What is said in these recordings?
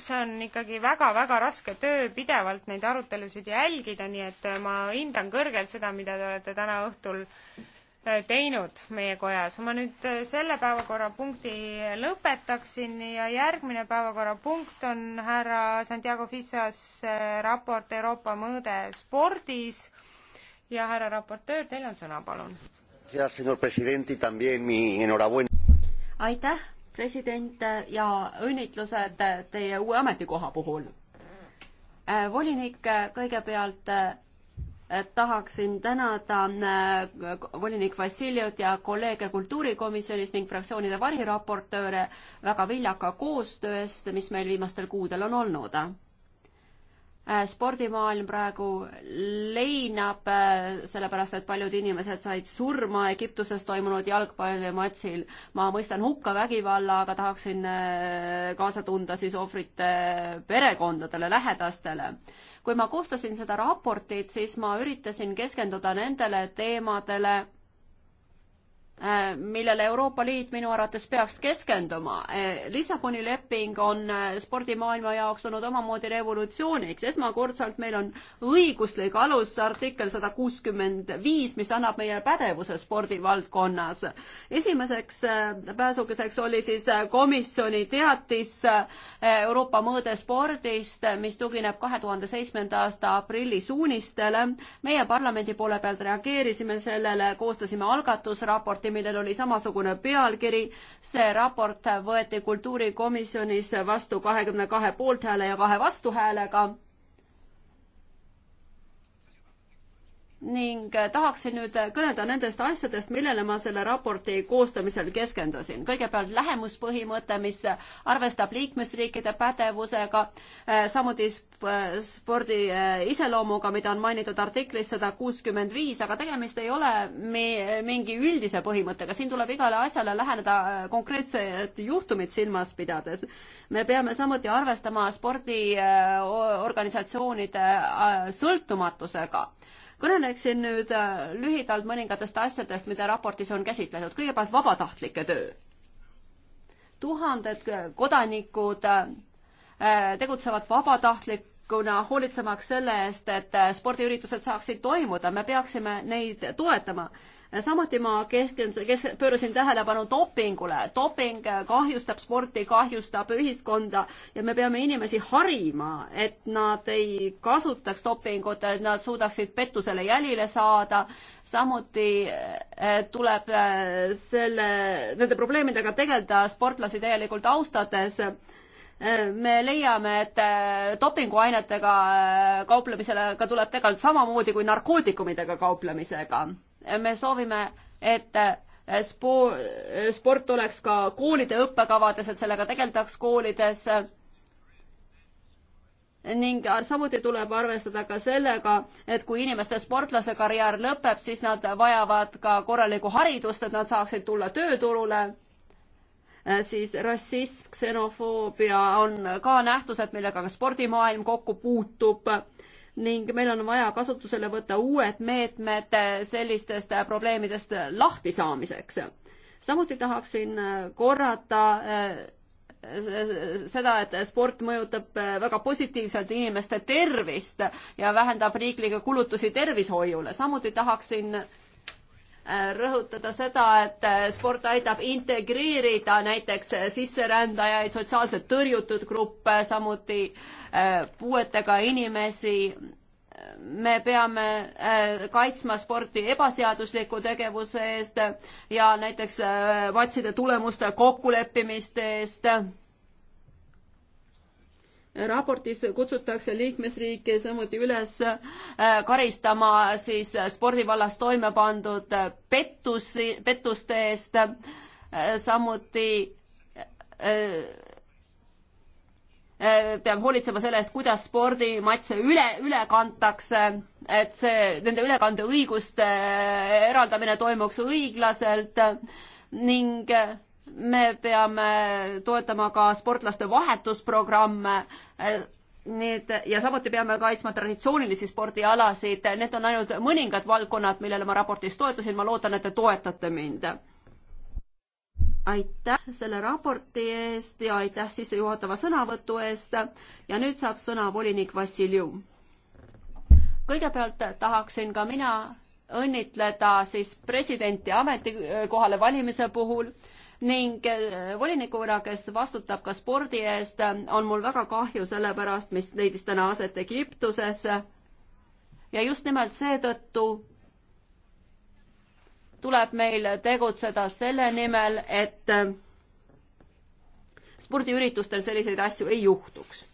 see on ikkagi väga-väga raske töö pidevalt neid arutelusid jälgida, nii et ma hindan kõrgelt seda, mida te olete täna õhtul äh, teinud meie kojas. ma nüüd äh, selle päevakorrapunkti lõpetaksin ja järgmine päevakorrapunkt on härra Santiago Fissas äh, raport Euroopa mõõde spordis ja härra raportöör, teil on sõna, palun. aitäh, president ja õnnitlused teie uue ametikoha puhul. Äh, volinik, äh, kõigepealt äh, tahaksin tänada volinik Vassiljevit ja kolleege kultuurikomisjonist ning fraktsioonide variraportööre väga viljaka koostöö eest, mis meil viimastel kuudel on olnud Äh, spordimaailm praegu leinab, äh, sellepärast et paljud inimesed said surma Egiptuses toimunud jalgpallimatsil. ma mõistan hukka vägivalla, aga tahaksin äh, kaasa tunda siis ohvrite perekondadele, lähedastele. kui ma koostasin seda raportit, siis ma üritasin keskenduda nendele teemadele Äh, millele Euroopa Liit minu arvates peaks keskenduma. Äh, Lissaboni leping on äh, spordimaailma jaoks olnud omamoodi revolutsiooniks. esmakordselt meil on õiguslik alus artikkel sada kuuskümmend viis, mis annab meie pädevuse spordivaldkonnas. esimeseks pääsukeseks oli siis komisjoni teatis Euroopa mõõde spordist, mis tugineb kahe tuhande seitsmenda aasta aprilli suunistele. meie parlamendi poole pealt reageerisime sellele, koostasime algatusraporti, millel oli samasugune pealkiri. see raport võeti kultuurikomisjonis vastu kahekümne kahe poolthääle ja kahe vastuhäälega ning äh, tahaksin nüüd äh, kõnelda nendest asjadest, millele ma selle raporti koostamisel keskendusin. kõigepealt lähemuspõhimõte, mis äh, arvestab liikmesriikide pädevusega, samuti spordi iseloomuga, mida on mainitud artiklis sada kuuskümmend viis, aga tegemist ei ole me, mingi üldise põhimõttega, siin tuleb igale asjale läheneda konkreetset juhtumit silmas pidades. me peame samuti arvestama spordiorganisatsioonide sõltumatusega kõneleksin nüüd äh, lühidalt mõningatest asjadest, mida raportis on käsitletud. kõigepealt vabatahtlike töö. tuhanded äh, kodanikud äh, tegutsevad vabatahtlik-, kuna hoolitsemaks selle eest, et spordiüritused saaksid toimuda, me peaksime neid toetama samuti ma kehken, kes, pöörasin tähelepanu dopingule. doping kahjustab sporti, kahjustab ühiskonda ja me peame inimesi harima, et nad ei kasutaks dopingut, et nad suudaksid pettusele jälile saada. samuti eh, tuleb eh, selle, nende probleemidega tegeleda sportlasi täielikult austades eh, me leiame, et dopinguainetega kauplemisele ka tuleb tegelikult samamoodi kui narkootikumidega kauplemisega me soovime, et eh, spo-, eh, sport oleks ka koolide õppekavades, et sellega tegeldaks koolides. ning samuti tuleb arvestada ka sellega, et kui inimeste sportlase karjäär lõpeb, siis nad vajavad ka korralikku haridust, et nad saaksid tulla tööturule. Eh, siis rassism, ksenofoobia on ka nähtused, millega ka spordimaailm kokku puutub ning meil on vaja kasutusele võtta uued meetmed eh, sellistest eh, probleemidest lahtisaamiseks. samuti tahaksin eh, korrata seda, et sport mõjutab väga positiivselt inimeste tervist ja vähendab riiklikke kulutusi tervishoiule. samuti tahaksin rõhutada seda, et sport aitab integreerida näiteks sisserändajaid, sotsiaalselt tõrjutud gruppe, samuti äh, puuetega inimesi. me peame äh, kaitsma sporti ebaseadusliku tegevuse eest ja näiteks äh, matside tulemuste kokkuleppimiste eest raportis kutsutakse liikmesriike samuti üles äh, karistama siis äh, spordivallas toime pandud äh, pettusi, pettuste eest, samuti peab hoolitsema selle eest, kuidas spordimatse üle, üle kantakse, et see, nende ülekandeõiguste eraldamine toimuks õiglaselt ning me peame toetama ka sportlaste vahetusprogramme, eh, need ja samuti peame kaitsma traditsioonilisi spordialasid, need on ainult mõningad valdkonnad, millele ma raportis toetusin, ma loodan, et te toetate mind. aitäh selle raporti eest ja aitäh sissejuhatava sõnavõtu eest ja nüüd saab sõna volinik Vassiljev. kõigepealt tahaksin ka mina õnnitleda siis presidenti ametikohale valimise puhul ning äh, volinikuna, kes vastutab ka spordi eest, on mul väga kahju selle pärast, mis leidis täna aset Egiptuses. ja just nimelt seetõttu tuleb meil tegutseda selle nimel, et äh, spordiüritustel selliseid asju ei juhtuks.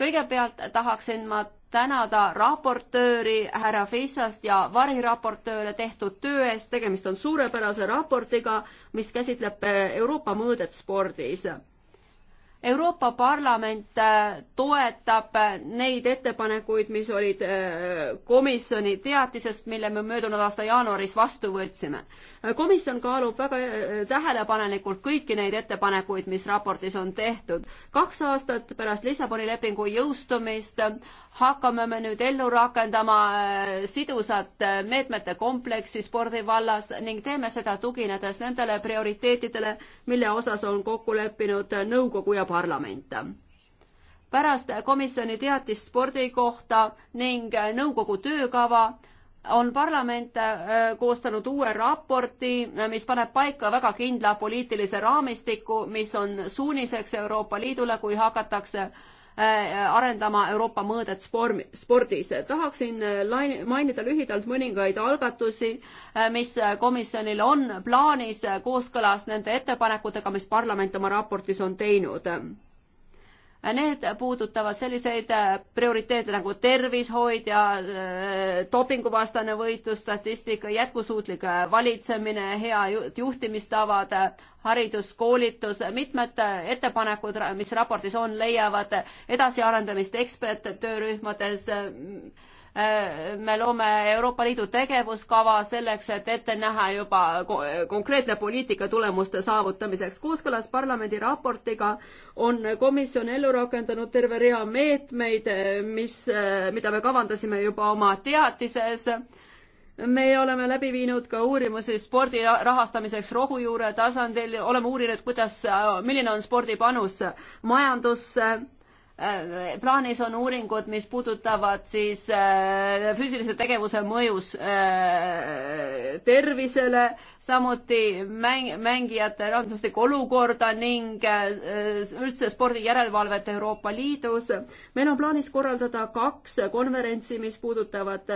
kõigepealt tahaksin ma tänada raportööri härra Feissast ja variraportööre tehtud töö eest, tegemist on suurepärase raportiga, mis käsitleb eh, Euroopa mõõdet spordis Euroopa Parlament äh, toetab äh, neid ettepanekuid, mis olid äh, komisjoni teatisest, mille me möödunud aasta jaanuaris vastu võtsime. komisjon kaalub väga tähelepanelikult kõiki neid ettepanekuid, mis raportis on tehtud. kaks aastat pärast Lissaboni lepingu jõustumist hakkame me nüüd ellu rakendama sidusat meetmete kompleksi spordi vallas ning teeme seda tuginedes nendele prioriteetidele, mille osas on kokku leppinud nõukogu ja parlament parlament. pärast komisjoni teatist spordi kohta ning nõukogu töökava on parlament äh, koostanud uue raporti, mis paneb paika väga kindla poliitilise raamistiku, mis on suuniseks Euroopa Liidule, kui hakatakse Äh, arendama Euroopa mõõdet spordis. tahaksin mainida lühidalt mõningaid algatusi, äh, mis komisjonil on plaanis kooskõlas nende ettepanekutega, mis parlament oma raportis on teinud Need puudutavad selliseid äh, prioriteete nagu tervishoid ja äh, dopinguvastane võitlus, statistika, jätkusuutlik äh, valitsemine, head juhtimistavad, haridus, koolitus, mitmed ettepanekud, mis raportis on, leiavad edasiarendamist eksperttöörühmades Äh, me loome Euroopa Liidu tegevuskava selleks, et ette näha juba konkreetne poliitika tulemuste saavutamiseks. kooskõlas parlamendi raportiga on komisjon ellu rakendanud terve rea meetmeid, mis, mida me kavandasime juba oma teatises me oleme läbi viinud ka uurimusi spordi rahastamiseks rohujuure tasandil, oleme uurinud, kuidas, milline on spordi panus majandusse Äh, plaanis on uuringud, mis puudutavad siis äh, füüsilise tegevuse mõjus äh, tervisele, samuti mäng, mängijate rahanduslikku olukorda ning üldse spordijärelevalvet Euroopa Liidus. meil on plaanis korraldada kaks konverentsi, mis puudutavad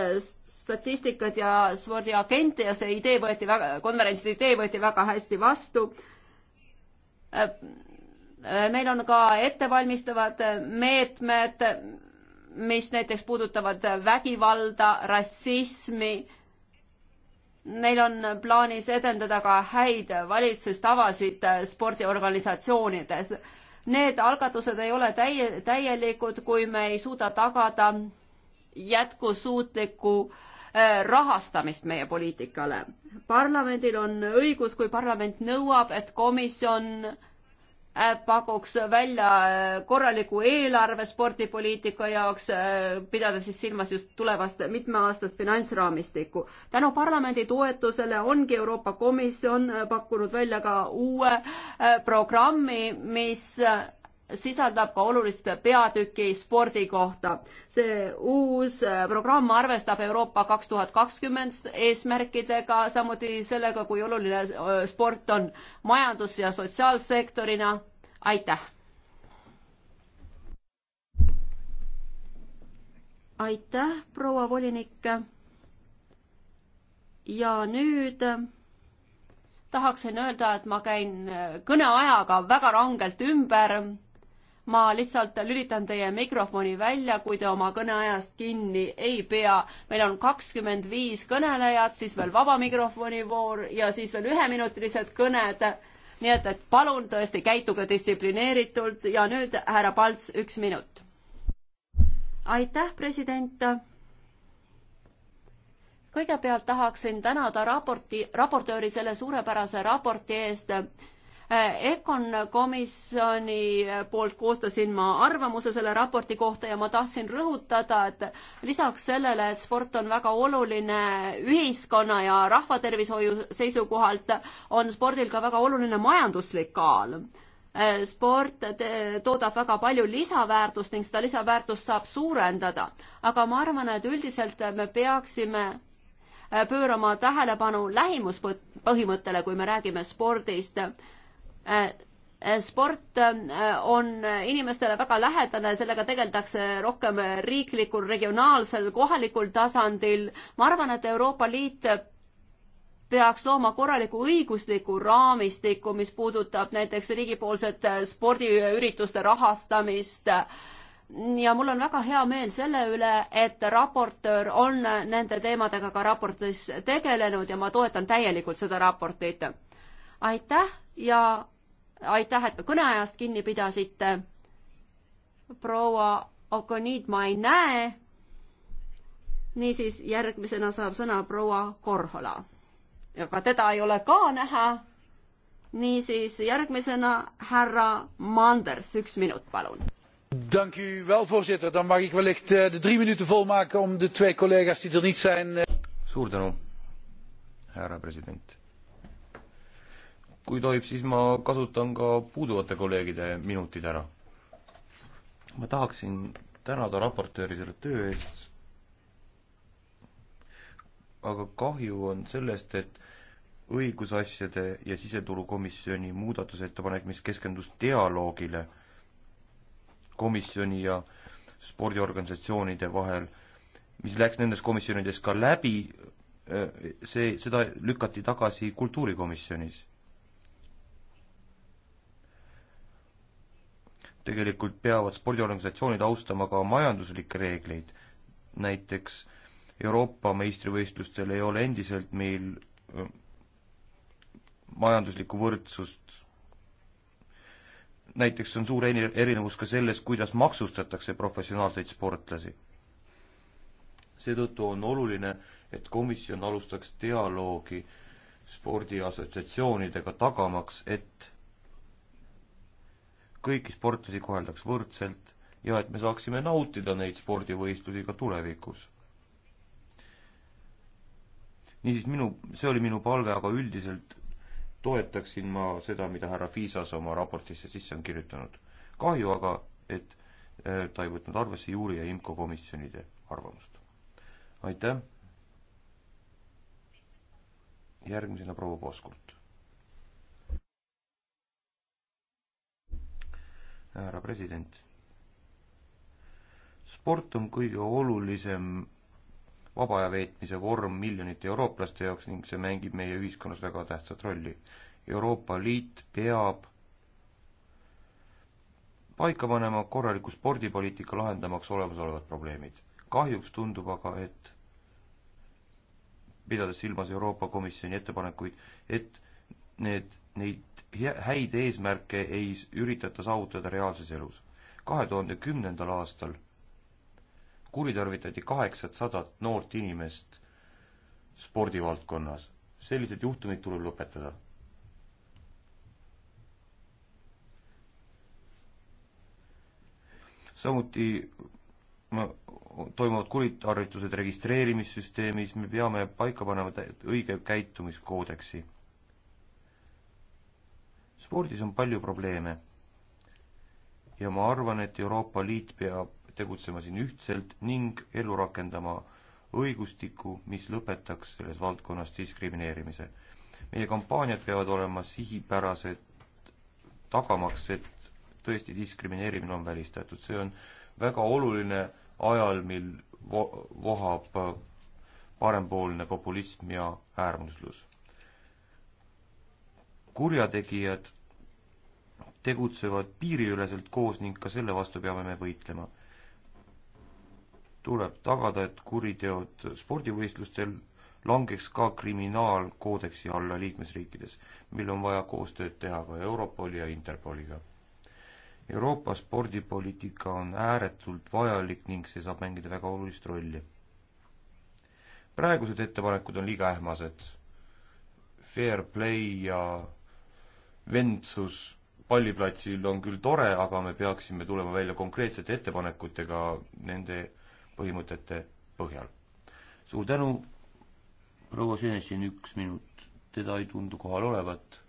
statistikat ja spordiagente ja see idee võeti väga, konverentside idee võeti väga hästi vastu Äh, meil on ka ettevalmistavad äh, meetmed, mis näiteks puudutavad äh, vägivalda, rassismi. Neil on plaanis edendada ka häid valitsustavasid spordiorganisatsioonides. Need algatused ei ole täie, täielikud, kui me ei suuda tagada jätkusuutlikku rahastamist meie poliitikale. parlamendil on õigus, kui parlament nõuab, et komisjon Äh, pakuks välja äh, korraliku eelarve spordipoliitika jaoks, äh, pidades siis silmas just tulevast mitmeaastast finantsraamistikku. tänu parlamendi toetusele ongi Euroopa Komisjon pakkunud välja ka uue programmi, mis sisaldab ka olulist peatüki spordi kohta. see uus äh, programm arvestab Euroopa kaks tuhat kakskümmend eesmärkidega, samuti sellega, kui oluline äh, sport on majandus- ja sotsiaalsektorina. aitäh! aitäh, proua volinik. ja nüüd äh, tahaksin öelda, et ma käin kõneajaga väga rangelt ümber ma lihtsalt lülitan teie mikrofoni välja, kui te oma kõneajast kinni ei pea. meil on kakskümmend viis kõnelejat, siis veel vaba mikrofoni voor ja siis veel üheminutilised kõned. nii et, et palun tõesti käituge distsiplineeritult ja nüüd härra Palts, üks minut. aitäh, president. kõigepealt tahaksin tänada raporti, raportööri selle suurepärase raporti eest Äh, Econ komisjoni äh, poolt koostasin ma arvamuse selle raporti kohta ja ma tahtsin rõhutada, et lisaks sellele, et sport on väga oluline ühiskonna ja rahvatervishoiu seisukohalt, on spordil ka väga oluline majanduslik kaal äh, sport toodab väga palju lisaväärtust ning seda lisaväärtust saab suurendada, aga ma arvan, et üldiselt me peaksime pöörama tähelepanu lähimuspõhimõttele, kui me räägime spordist Äh, äh, sport äh, on inimestele väga lähedane, sellega tegeldakse rohkem riiklikul, regionaalsel, kohalikul tasandil. ma arvan, et Euroopa Liit peaks looma korraliku õigusliku raamistiku, mis puudutab näiteks riigipoolset spordiürituste rahastamist. ja mul on väga hea meel selle üle, et raportöör on nende teemadega ka raportis tegelenud ja ma toetan täielikult seda raportit. aitäh ja aitäh, et kõneajast kinni pidasite. proua Okonid ma ei näe. niisiis, järgmisena saab sõna proua Korhola. aga teda ei ole ka näha. niisiis, järgmisena härra Manders, üks minut, palun. Dank u wel, voorzitter. Dan mag ik wellicht eh, de drie minuten volmaken om de twee collega's die er niet zijn. Eh. Suur tänu, härra president kui tohib, siis ma kasutan ka puuduvate kolleegide minutid ära. ma tahaksin tänada raportööri selle töö eest, aga kahju on sellest, et õigusasjade ja siseturukomisjoni muudatusettepanek, mis keskendus dialoogile komisjoni ja spordiorganisatsioonide vahel, mis läks nendes komisjonides ka läbi, see, seda lükati tagasi kultuurikomisjonis tegelikult peavad spordiorganisatsioonid austama ka majanduslikke reegleid, näiteks Euroopa meistrivõistlustel ei ole endiselt meil majanduslikku võrdsust. näiteks on suur erinevus ka selles, kuidas maksustatakse professionaalseid sportlasi. seetõttu on oluline, et komisjon alustaks dialoogi spordiassotsiatsioonidega, tagamaks, et kõiki sportlasi koheldaks võrdselt ja et me saaksime nautida neid spordivõistlusi ka tulevikus. niisiis minu, see oli minu palve, aga üldiselt toetaksin ma seda, mida härra Fiisas oma raportisse sisse on kirjutanud. kahju aga, et äh, ta ei võtnud arvesse juuri ja IMCO komisjonide arvamust. aitäh! järgmisena proua Poskurt. härra president. sport on kõige olulisem vaba aja veetmise vorm miljonite eurooplaste jaoks ning see mängib meie ühiskonnas väga tähtsat rolli. Euroopa Liit peab paika panema korraliku spordipoliitika lahendamaks olemasolevad probleemid. kahjuks tundub aga, et pidades silmas Euroopa Komisjoni ettepanekuid, et need, neid häid eesmärke ei üritata saavutada reaalses elus. kahe tuhande kümnendal aastal kuritarvitati kaheksasadat noort inimest spordivaldkonnas. sellised juhtumid tuleb lõpetada. samuti toimuvad kuritarvitused registreerimissüsteemis, me peame paika panema õige käitumiskoodeksi spordis on palju probleeme. ja ma arvan, et Euroopa Liit peab tegutsema siin ühtselt ning ellu rakendama õigustiku, mis lõpetaks selles valdkonnas diskrimineerimise. meie kampaaniad peavad olema sihipärased, tagamaks, et tõesti diskrimineerimine on välistatud, see on väga oluline ajal, mil vo-, vohab parempoolne populism ja äärmuslus kurjategijad tegutsevad piiriüleselt koos ning ka selle vastu peame me võitlema. tuleb tagada, et kuriteod spordivõistlustel langeks ka kriminaalkoodeksi alla liikmesriikides, mil on vaja koostööd teha ka Europoli ja Interpoliga. Euroopa spordipoliitika on ääretult vajalik ning see saab mängida väga olulist rolli. praegused ettepanekud on liiga ähmased. Fair play ja Ventsus palliplatsil on küll tore, aga me peaksime tulema välja konkreetsete ettepanekutega nende põhimõtete põhjal. suur tänu, proua Senesin, üks minut, teda ei tundu kohal olevat.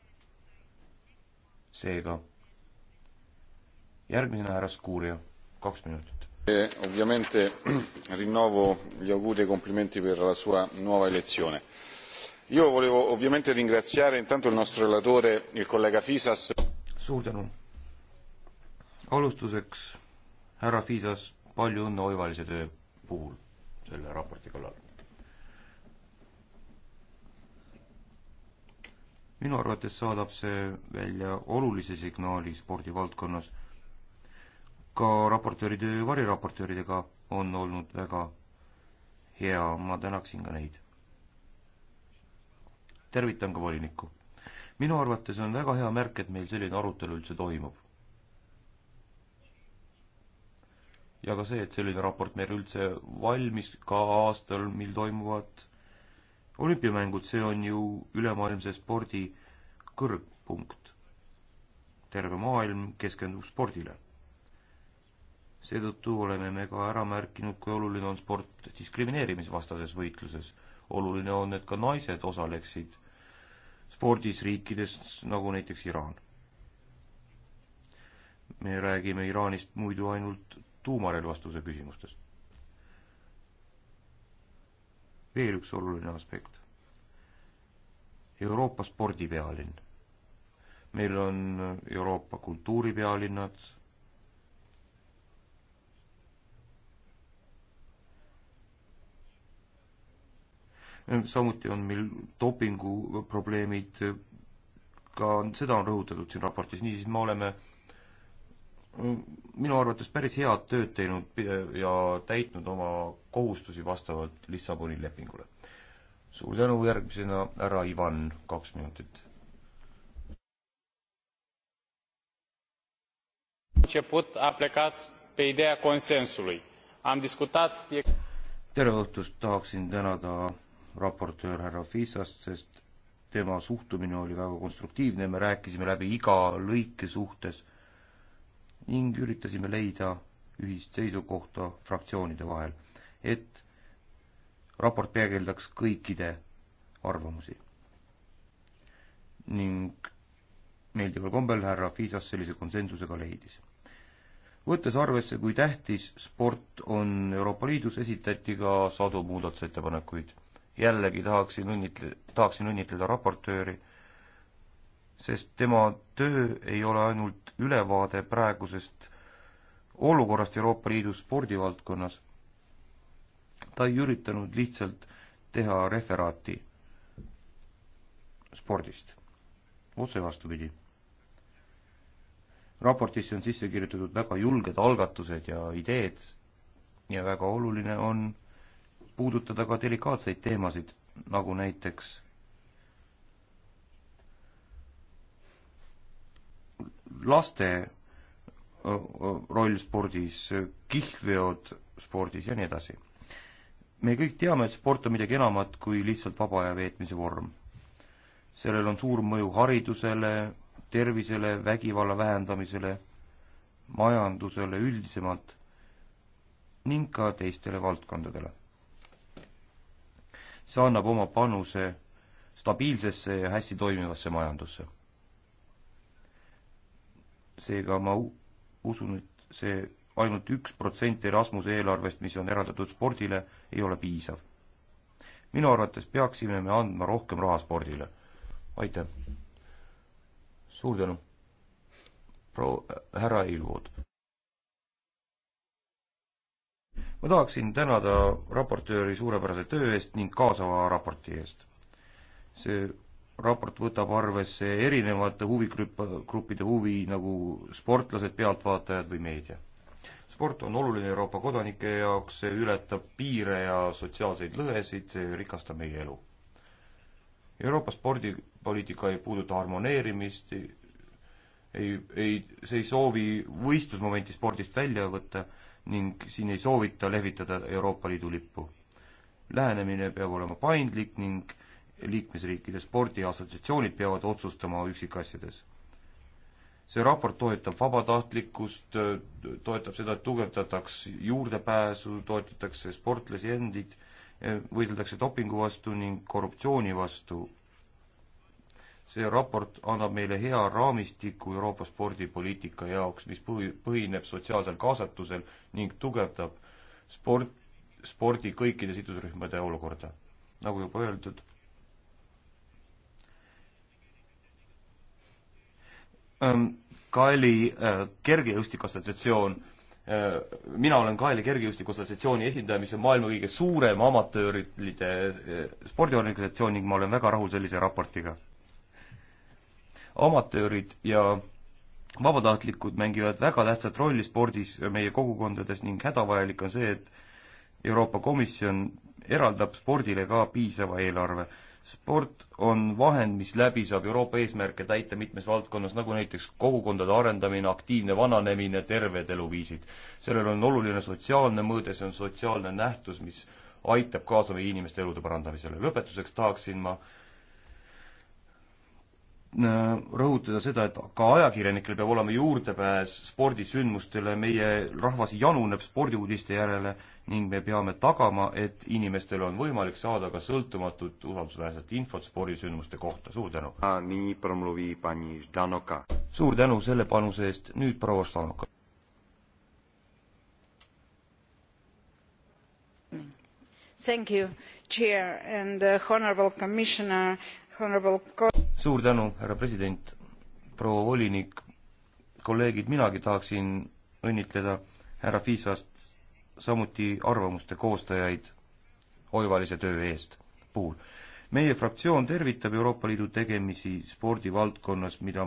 seega järgmisena härra Skuuria, kaks minutit. Eh, ovviamente rinnovo gli auguri e complimenti per la sua nuova elezione io volevo ovviamente ringraziare intanto il nostro relatore il collega fisas suur tänu alustuseks härra fisas palju õnne oivalise töö puhul selle raporti kallal minu arvates saadab see välja olulise signaali spordivaldkonnas ka raportööride ja variraportööridega on olnud väga hea ma tänaksin ka neid tervitan ka volinikku. minu arvates on väga hea märk, et meil selline arutelu üldse toimub. ja ka see, et selline raport meil üldse valmis ka aastal, mil toimuvad olümpiamängud, see on ju ülemaailmse spordi kõrgpunkt. terve maailm keskendub spordile. seetõttu oleme me ka ära märkinud, kui oluline on sport diskrimineerimisvastases võitluses. oluline on, et ka naised osaleksid spordis riikidest nagu näiteks Iraan. me räägime Iraanist muidu ainult tuumarelvastuse küsimustest. veel üks oluline aspekt. Euroopa spordipealinn. meil on Euroopa kultuuripealinnad samuti on meil dopinguprobleemid, ka seda on rõhutatud siin raportis, niisiis me oleme minu arvates päris head tööd teinud ja täitnud oma kohustusi vastavalt Lissaboni lepingule. suur tänu, järgmisena härra Ivan, kaks minutit. început a plecat pe ideea consensului. Am discutat tere õhtust, tahaksin tänada raportöör härra Fissast, sest tema suhtumine oli väga konstruktiivne, me rääkisime läbi iga lõike suhtes ning üritasime leida ühist seisukohta fraktsioonide vahel, et raport peegeldaks kõikide arvamusi. ning meeldival kombel härra Fissas sellise konsensusega leidis võttes arvesse, kui tähtis sport on Euroopa Liidus, esitati ka sadu muudatusettepanekuid jällegi tahaksin õnnitle-, tahaksin õnnitleda raportööri, sest tema töö ei ole ainult ülevaade praegusest olukorrast Euroopa Liidu spordivaldkonnas. ta ei üritanud lihtsalt teha referaati spordist, otse vastupidi. raportisse on sisse kirjutatud väga julged algatused ja ideed ja väga oluline on puudutada ka delikaatseid teemasid, nagu näiteks laste roll spordis, kihlveod spordis ja nii edasi. me kõik teame, et sport on midagi enamat kui lihtsalt vaba aja veetmise vorm. sellel on suur mõju haridusele, tervisele, vägivalla vähendamisele, majandusele üldisemalt ning ka teistele valdkondadele see annab oma panuse stabiilsesse ja hästi toimivasse majandusse. seega ma usun, et see ainult üks protsent Erasmuse eelarvest, mis on eraldatud spordile, ei ole piisav. minu arvates peaksime me andma rohkem raha spordile. aitäh! suur tänu! proua, härra Ilvood. ma tahaksin tänada raportööri suurepärase töö eest ning kaasava raporti eest. see raport võtab arvesse erinevate huvigruppide huvi, nagu sportlased, pealtvaatajad või meedia. sport on oluline Euroopa kodanike jaoks, see ületab piire ja sotsiaalseid lõhesid, see rikastab meie elu. Euroopa spordipoliitika ei puuduta harmoneerimist, ei, ei, see ei soovi võistlusmomenti spordist välja võtta ning siin ei soovita lehvitada Euroopa Liidu lippu. lähenemine peab olema paindlik ning liikmesriikide spordiassotsiatsioonid peavad otsustama üksikasjades. see raport toetab vabatahtlikkust, toetab seda, et tugevdataks juurdepääsu, toetatakse sportlasi endid, võideldakse dopingu vastu ning korruptsiooni vastu see raport annab meile hea raamistiku Euroopa spordipoliitika jaoks, mis põhi, põhineb sotsiaalsel kaasatusel ning tugevdab sport, spordi kõikide sidusrühmade olukorda. nagu juba öeldud, ähm, Kaeli äh, kergejõustikuassotsiatsioon, äh, mina olen Kaeli kergejõustikuassotsiatsiooni esindaja, mis on maailma kõige suurem amatööride äh, spordiorganisatsioon ning ma olen väga rahul sellise raportiga amatöörid ja vabatahtlikud mängivad väga tähtsat rolli spordis meie kogukondades ning hädavajalik on see, et Euroopa Komisjon eraldab spordile ka piisava eelarve. sport on vahend, mis läbi saab Euroopa eesmärke täita mitmes valdkonnas, nagu näiteks kogukondade arendamine, aktiivne vananemine, terved eluviisid. sellel on oluline sotsiaalne mõõde, see on sotsiaalne nähtus, mis aitab kaasa meie inimeste elude parandamisele. lõpetuseks tahaksin ma äh, Äh, rõhutada seda, et ka ajakirjanikel peab olema juurdepääs spordisündmustele, meie rahvas januneb spordiuudiste järele ning me peame tagama, et inimestel on võimalik saada ka sõltumatut usaldusväärset infot spordisündmuste kohta, suur tänu! nii promluvi pani Ždanoka. suur tänu selle panuse eest, nüüd proua Ždanoka. Thank you, chair and uh, honorable commissioner, honorable co- suur tänu, härra president, proua volinik, kolleegid, minagi tahaksin õnnitleda härra Fiisast, samuti arvamuste koostajaid oivalise töö eest puhul. meie fraktsioon tervitab Euroopa Liidu tegemisi spordivaldkonnas, mida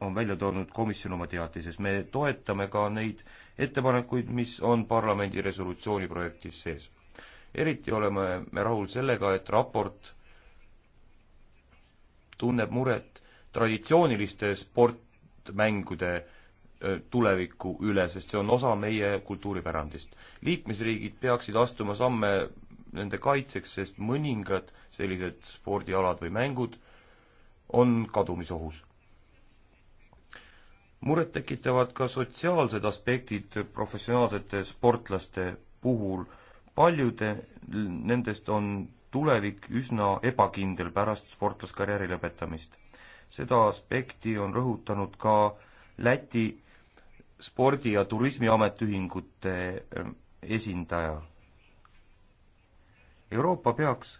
on välja toonud komisjon oma teatises. me toetame ka neid ettepanekuid, mis on parlamendi resolutsiooni projektis sees. eriti oleme me rahul sellega, et raport tunneb muret traditsiooniliste sportmängude tuleviku üle, sest see on osa meie kultuuripärandist. liikmesriigid peaksid astuma samme nende kaitseks, sest mõningad sellised spordialad või mängud on kadumisohus. muret tekitavad ka sotsiaalsed aspektid professionaalsete sportlaste puhul. paljude nendest on tulevik üsna ebakindel pärast sportlaskarjääri lõpetamist. seda aspekti on rõhutanud ka Läti spordi- ja turismiametiühingute ähm, esindaja. Euroopa peaks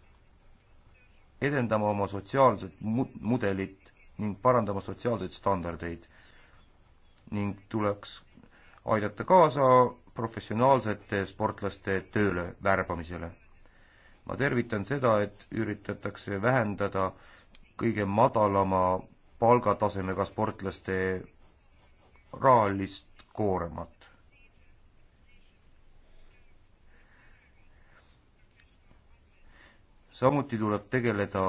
edendama oma sotsiaalset mu-, mudelit ning parandama sotsiaalseid standardeid ning tuleks aidata kaasa professionaalsete sportlaste tööle värbamisele ma tervitan seda, et üritatakse vähendada kõige madalama palgatasemega sportlaste rahalist kooremat. samuti tuleb tegeleda,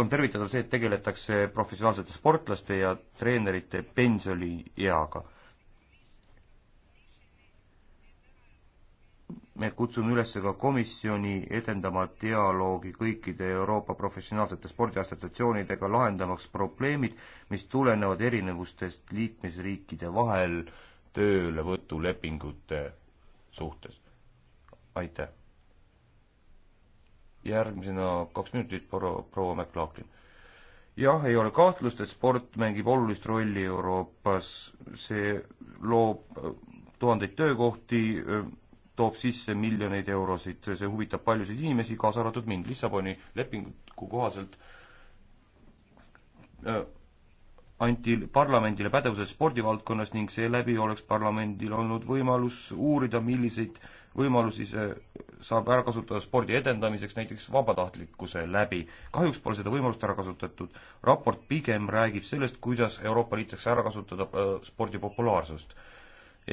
on tervitatav see, et tegeletakse professionaalsete sportlaste ja treenerite pensionieaga me kutsume üles ka komisjoni edendama dialoogi kõikide Euroopa professionaalsete spordiassotsiatsioonidega, lahendamaks probleemid, mis tulenevad erinevustest liikmesriikide vahel töölevõtulepingute suhtes. aitäh. järgmisena kaks minutit pro-, proua McLaughlin. jah, ei ole kahtlust, et sport mängib olulist rolli Euroopas, see loob äh, tuhandeid töökohti, äh, toob sisse miljoneid eurosid, see huvitab paljusid inimesi, kaasa arvatud mind. Lissaboni lepingu kohaselt äh, anti parlamendile pädevused spordivaldkonnas ning seeläbi oleks parlamendil olnud võimalus uurida, milliseid võimalusi see äh, saab ära kasutada spordi edendamiseks, näiteks vabatahtlikkuse läbi. kahjuks pole seda võimalust ära kasutatud. raport pigem räägib sellest, kuidas Euroopa Liit saaks ära kasutada äh, spordi populaarsust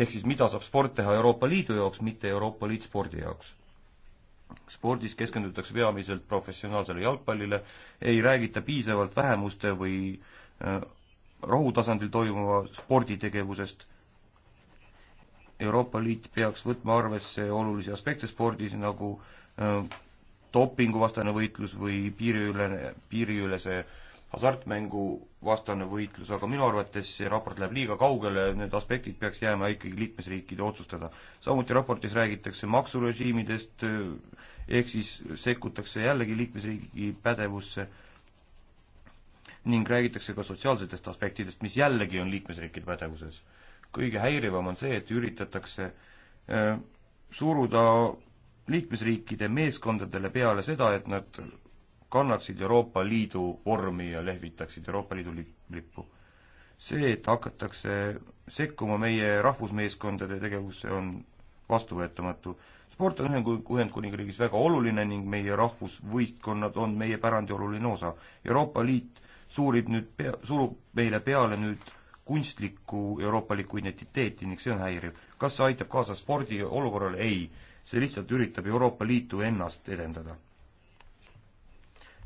ehk siis mida saab sport teha Euroopa Liidu jaoks, mitte Euroopa Liit spordi jaoks. spordis keskendutakse peamiselt professionaalsele jalgpallile, ei räägita piisavalt vähemuste või äh, rahutasandil toimuva sporditegevusest. Euroopa Liit peaks võtma arvesse olulisi aspekte spordis, nagu äh, dopinguvastane võitlus või piiriülene, piiriülese äh, hasartmängu vastane võitlus, aga minu arvates see raport läheb liiga kaugele, need aspektid peaks jääma ikkagi liikmesriikide otsustada. samuti raportis räägitakse maksurežiimidest, ehk siis sekkutakse jällegi liikmesriigi pädevusse ning räägitakse ka sotsiaalsetest aspektidest, mis jällegi on liikmesriikide pädevuses. kõige häirivam on see, et üritatakse äh, suruda liikmesriikide meeskondadele peale seda, et nad kannaksid Euroopa Liidu vormi ja lehvitaksid Euroopa Liidu lippu. see, et hakatakse sekkuma meie rahvusmeeskondade tegevusse, on vastuvõetamatu. sport on Ühendkuningriigis väga oluline ning meie rahvusvõistkonnad on meie pärandi oluline osa. Euroopa Liit suurib nüüd pea, surub meile peale nüüd kunstlikku euroopalikku identiteeti ning see on häiriv. kas see aitab kaasa spordi olukorrale? ei. see lihtsalt üritab Euroopa Liitu ennast edendada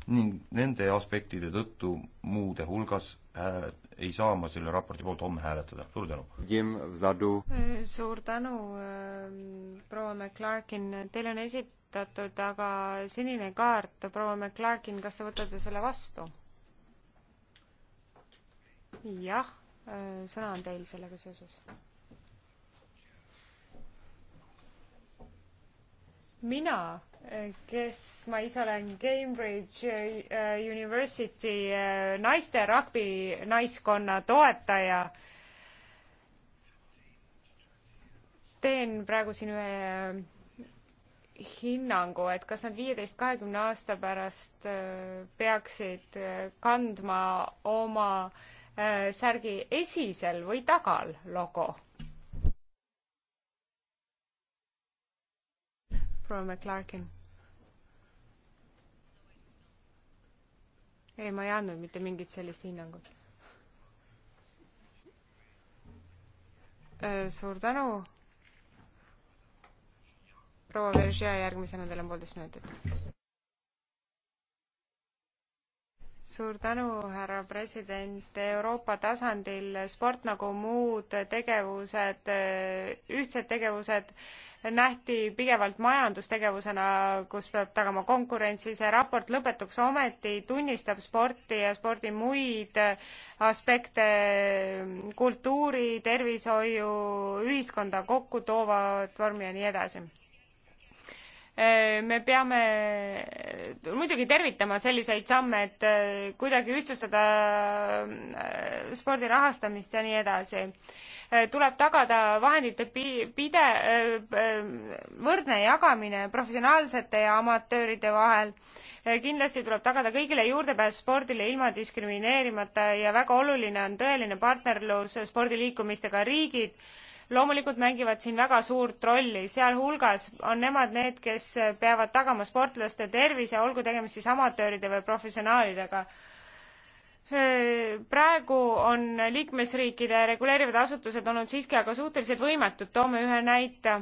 ning nende aspektide tõttu muude hulgas hääle, äh, ei saa ma selle raporti poolt homme hääletada. suur tänu! Äh, suur tänu, ähm, proua McClarkin, teil on esitatud aga sinine kaart, proua McClarkin, kas te võtate selle vastu? jah, äh, sõna on teil sellega seoses mina, kes ma ise olen Cambridge äh, University äh, naiste rugby naiskonna toetaja, teen praegu siin ühe äh, hinnangu, et kas nad viieteist, kahekümne aasta pärast peaksid kandma oma särgi esisel või tagal logo proua McClarkin. ei, ma ei andnud mitte mingit sellist hinnangut. Äh, suur tänu. proua Veržia, järgmisena teil on poolteist minutit suur tänu, härra president. Euroopa tasandil sport nagu muud tegevused, ühtsed tegevused nähti pigemalt majandustegevusena, kus peab tagama konkurentsi. see raport lõpetuks ometi tunnistab sporti ja spordi muid aspekte kultuuri, tervishoiu, ühiskonda kokku toovat vormi ja nii edasi Äh, me peame äh, muidugi tervitama selliseid samme, et äh, kuidagi ühtsustada spordi rahastamist ja nii edasi. tuleb tagada vahendite pide-, võrdne jagamine professionaalsete ja amatööride vahel. kindlasti tuleb tagada kõigile juurdepääs spordile ilma diskrimineerimata ja väga oluline on tõeline partnerlus spordiliikumistega riigid loomulikult mängivad siin väga suurt rolli, sealhulgas on nemad need, kes peavad tagama sportlaste tervise, olgu tegemist siis amatööride või professionaalidega praegu on liikmesriikide reguleerivad asutused olnud siiski aga suhteliselt võimetud, toome ühe näite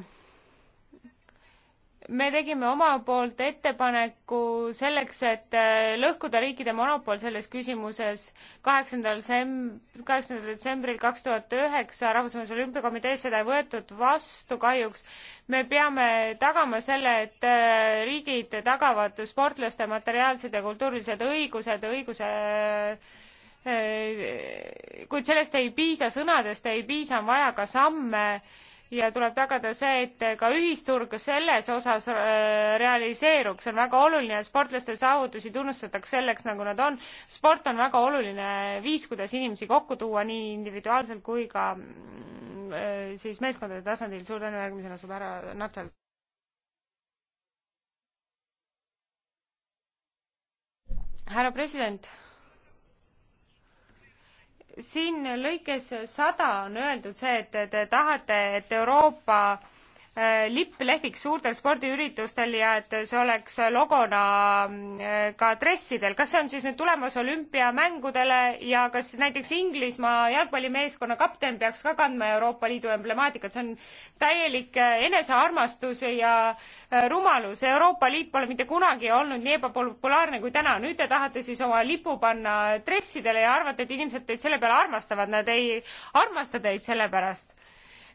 me tegime oma poolt ettepaneku selleks, et äh, lõhkuda riikide monopol selles küsimuses kaheksandal sem-, kaheksandal detsembril kaks tuhat üheksa Rahvusvahelise Olümpiakomitees seda ei võetud vastu kahjuks. me peame tagama selle, et äh, riigid tagavad sportlaste materiaalsed ja kultuurilised õigused, õiguse äh, kuid sellest ei piisa, sõnadest ei piisa, on vaja ka samme ja tuleb tagada see, et ka ühisturg selles osas äh, realiseerub, see on väga oluline, sportlaste saavutusi tunnustatakse selleks, nagu nad on. sport on väga oluline viis, kuidas inimesi kokku tuua nii individuaalselt kui ka mm, äh, siis meeskondade tasandil. suur tänu, järgmisena saab ära Natal. härra president siin lõikes sada on öeldud see, et te tahate, et Euroopa Äh, lipp lehviks suurtel spordiüritustel ja et see oleks logona äh, ka dressidel. kas see on siis nüüd tulemas olümpiamängudele ja kas näiteks Inglismaa jalgpallimeeskonna kapten peaks ka kandma Euroopa Liidu emblemaatikat? see on täielik äh, enesearmastus ja rumalus. Euroopa Liit pole mitte kunagi olnud nii ebapopulaarne kui täna. nüüd te tahate siis oma lipu panna dressidele ja arvate, et inimesed teid selle peale armastavad. Nad ei armasta teid selle pärast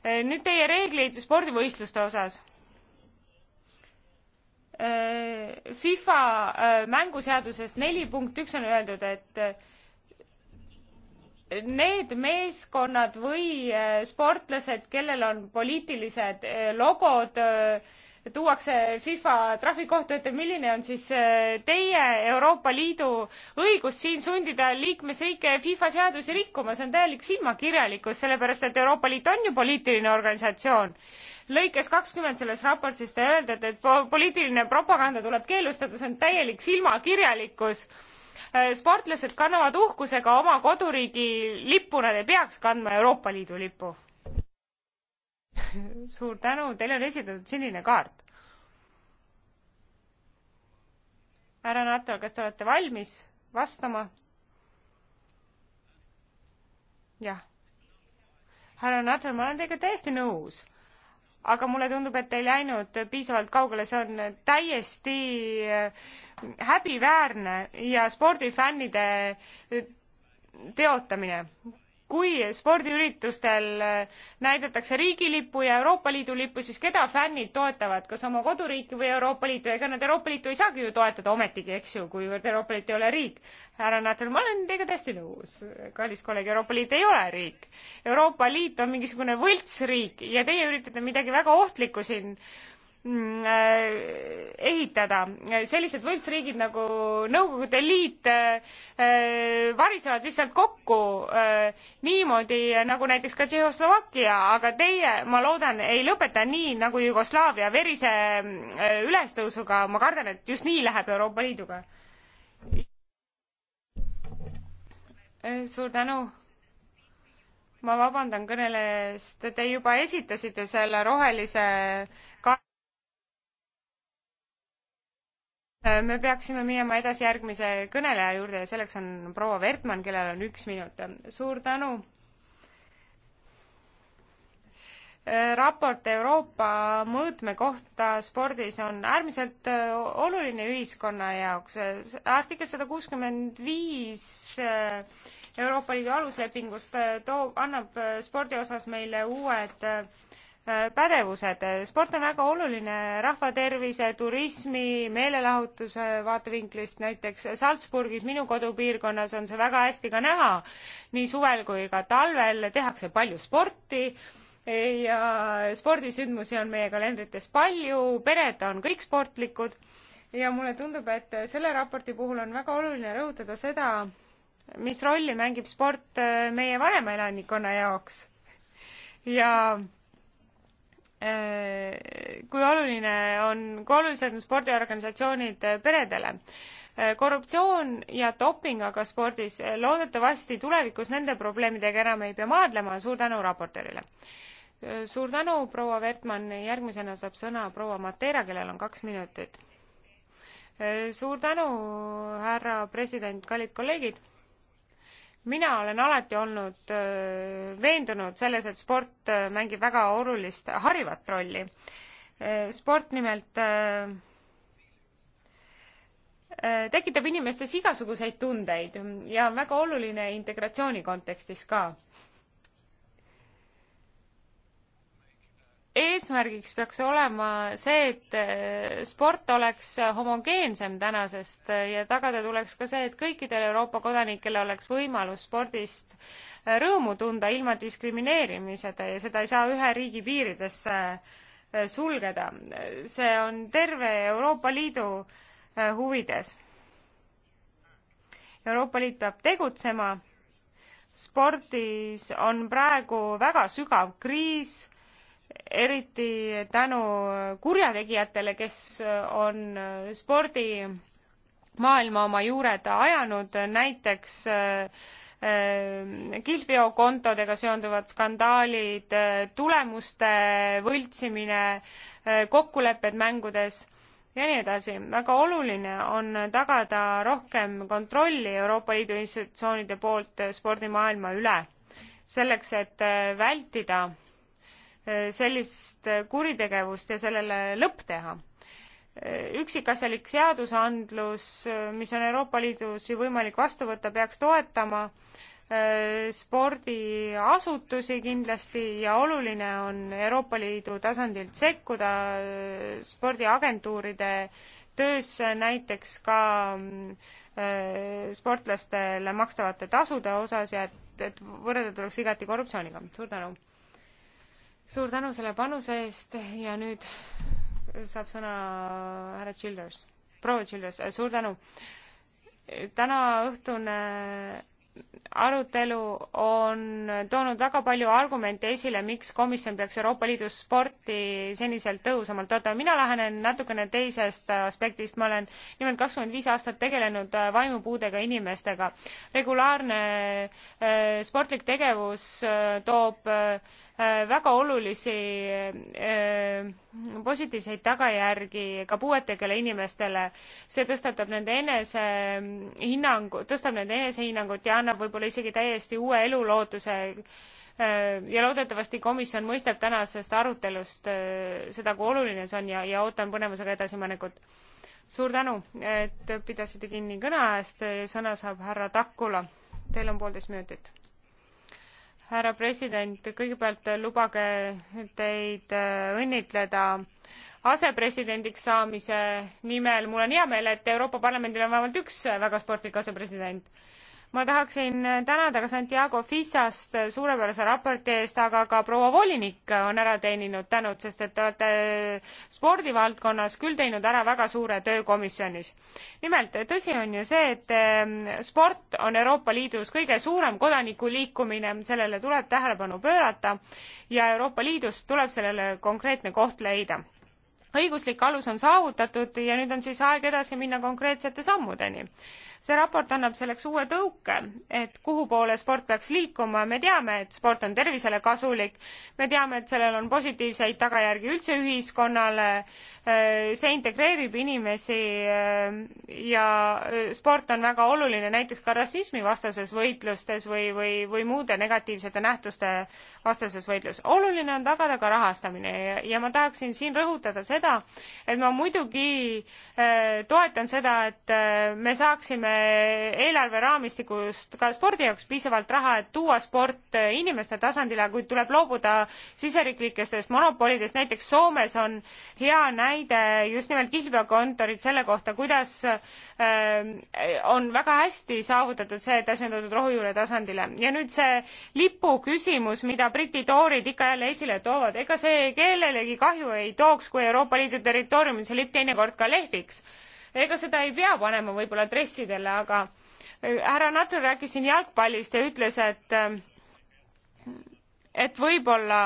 Eh, nüüd teie reeglid spordivõistluste osas. Eh, FIFA eh, mänguseaduses neli punkt üks on öeldud, et need meeskonnad või sportlased, kellel on poliitilised logod, tuuakse FIFA trahvikohtu ette, milline on siis äh, teie Euroopa Liidu õigus siin sundida liikmesriike FIFA seadusi rikkuma, see on täielik silmakirjalikkus, sellepärast et Euroopa Liit on ju poliitiline organisatsioon. lõikes kakskümmend selles raportis te öeldate, et poliitiline propaganda tuleb keelustada, see on täielik silmakirjalikkus äh, sportlased kannavad uhkusega oma koduriigi lippu nad ei peaks kandma euroopa liidu lippu. suur tänu, teile on esitatud sinine kaart. härra Nato, kas te olete valmis vastama? jah. härra Nato, ma olen teiega täiesti nõus aga mulle tundub, et ei läinud piisavalt kaugele, see on täiesti äh, häbiväärne ja spordifännide teotamine kui spordiüritustel äh, näidatakse riigilippu ja Euroopa Liidu lippu, siis keda fännid toetavad, kas oma koduriiki või Euroopa Liitu, ega nad Euroopa Liitu ei saagi ju toetada ometigi, eks ju, kuivõrd Euroopa Liit ei ole riik. härra Natal, ma olen teiega täiesti nõus, kallis kolleeg, Euroopa Liit ei ole riik. Euroopa Liit on mingisugune võltsriik ja teie üritate midagi väga ohtlikku siin äh, Mm, äh, ehitada. sellised võltsriigid nagu Nõukogude Liit äh, äh, varisevad lihtsalt kokku niimoodi, nagu näiteks ka Tšehhoslovakkia, aga teie, ma loodan, ei lõpeta nii nagu Jugoslaavia verise ülestõusuga, ma kardan, et just nii läheb Euroopa Liiduga. suur tänu ma vabandan kõnele eest, te juba esitasite selle rohelise ka-. Äh, me peaksime minema edasi järgmise kõneleja juurde ja selleks on proua Vertmann, kellel on üks minut. suur tänu. Äh, raport Euroopa mõõtme kohta spordis on äärmiselt äh, oluline ühiskonna jaoks. artikkel sada kuuskümmend viis Euroopa Liidu aluslepingust toob, annab spordi osas meile uued Äh, pädevused. sport on väga oluline rahvatervise, turismi, meelelahutuse vaatevinklist, näiteks Salzburgis, minu kodupiirkonnas on see väga hästi ka näha. nii suvel kui ka talvel tehakse palju sporti ja spordisündmusi on meie kalendrites palju, pered on kõik sportlikud ja mulle tundub, et selle raporti puhul on väga oluline rõhutada seda, mis rolli mängib sport meie vanema elanikkonna jaoks. ja Äh, kui oluline on, kui olulised on spordiorganisatsioonid äh, peredele. Äh, korruptsioon ja doping aga spordis, loodetavasti tulevikus nende probleemidega enam ei pea maadlema, suur tänu raportöörile. suur tänu, proua Vertmann, järgmisena saab sõna proua Matera, kellel on kaks minutit. suur tänu, härra president, kallid kolleegid mina olen alati olnud äh, veendunud selles, et sport äh, mängib väga olulist harivat rolli. Äh, sport nimelt tekitab inimestes igasuguseid tundeid ja on väga oluline integratsiooni kontekstis ka eesmärgiks peaks olema see, et eh, sport oleks homogeensem tänasest eh, ja tagada tuleks ka see, et kõikidel Euroopa kodanikel oleks võimalus spordist eh, rõõmu tunda ilma diskrimineerimiseta ja seda ei saa ühe riigi piiridesse sulgeda. see on terve Euroopa Liidu huvides. Euroopa Liit peab tegutsema. spordis on praegu väga sügav kriis eriti tänu kurjategijatele, kes on spordimaailma oma juured ajanud, näiteks äh, kihlveokontodega seonduvad skandaalid, äh, tulemuste võltsimine, äh, kokkulepped mängudes ja nii edasi. väga oluline on tagada rohkem kontrolli Euroopa Liidu institutsioonide poolt spordimaailma üle, selleks et vältida sellist kuritegevust ja sellele lõpp teha. üksikasjalik seadusandlus, mis on Euroopa Liidus ju võimalik vastu võtta, peaks toetama äh, spordiasutusi kindlasti ja oluline on Euroopa Liidu tasandilt sekkuda äh, spordiagentuuride töös näiteks ka äh, sportlastele makstavate tasude osas ja et, et võrrelda tuleks igati korruptsiooniga. suur tänu! suur tänu selle panuse eest ja nüüd saab sõna härra Childers, proua Childers, suur tänu. tänaõhtune arutelu on toonud väga palju argumente esile, miks komisjon peaks Euroopa Liidus sporti seniselt tõhusamalt toetama. mina lähenen natukene teisest aspektist, ma olen nimelt kakskümmend viis aastat tegelenud vaimupuudega inimestega. regulaarne äh, sportlik tegevus äh, toob äh, Äh, väga olulisi äh, positiivseid tagajärgi ka puuetega inimestele. see tõstatab nende enesehinnangu, ähm, tõstab nende enesehinnangut ja annab võib-olla isegi täiesti uue elulootuse äh, ja loodetavasti komisjon mõistab tänasest arutelust seda, kui oluline see on ja, ja ootan põnevusega edasiminekut. suur tänu, et pidasite kinni kõne ajast, sõna saab härra Takula. Teil on poolteist minutit härra president, kõigepealt lubage teid äh, õnnitleda asepresidendiks saamise nimel. mul on hea meel, et Euroopa Parlamendil on vähemalt üks äh, väga sportlik asepresident ma tahaksin tänada ka Santiago Fissast suurepärase raporti eest, aga ka proua volinik on ära teeninud tänud, sest et te olete spordivaldkonnas küll teinud ära väga suure töö komisjonis. nimelt, tõsi on ju see, et eh, sport on Euroopa Liidus kõige suurem kodanikuliikumine, sellele tuleb tähelepanu pöörata ja Euroopa Liidust tuleb sellele konkreetne koht leida õiguslik alus on saavutatud ja nüüd on siis aeg edasi minna konkreetsete sammudeni. see raport annab selleks uue tõuke, et kuhu poole sport peaks liikuma, me teame, et sport on tervisele kasulik, me teame, et sellel on positiivseid tagajärgi üldse ühiskonnale, see integreerib inimesi ja sport on väga oluline näiteks ka rassismivastases võitlustes või, või, või muude negatiivsete nähtuste vastases võitluses. oluline on tagada ka rahastamine ja, ja ma tahaksin siin rõhutada seda, seda, et ma muidugi äh, toetan seda, et äh, me saaksime eelarveraamistikust ka spordi jaoks piisavalt raha, et tuua sport äh, inimeste tasandile, kuid tuleb loobuda siseriiklikestest monopolidest, näiteks Soomes on hea näide just nimelt kihlveokontorid selle kohta, kuidas on väga hästi saavutatud see, et asi on toodud rohujuure tasandile ja nüüd see lipu küsimus, mida Briti toorid ikka jälle esile toovad, ega see kellelegi kahju ei tooks, kui Euroopa Euroopa Liidu territooriumil, see lipp teinekord ka lehviks. ega seda ei pea panema võib-olla dressidele, aga äh, härra Natur rääkis siin jalgpallist ja ütles, et äh, et võib-olla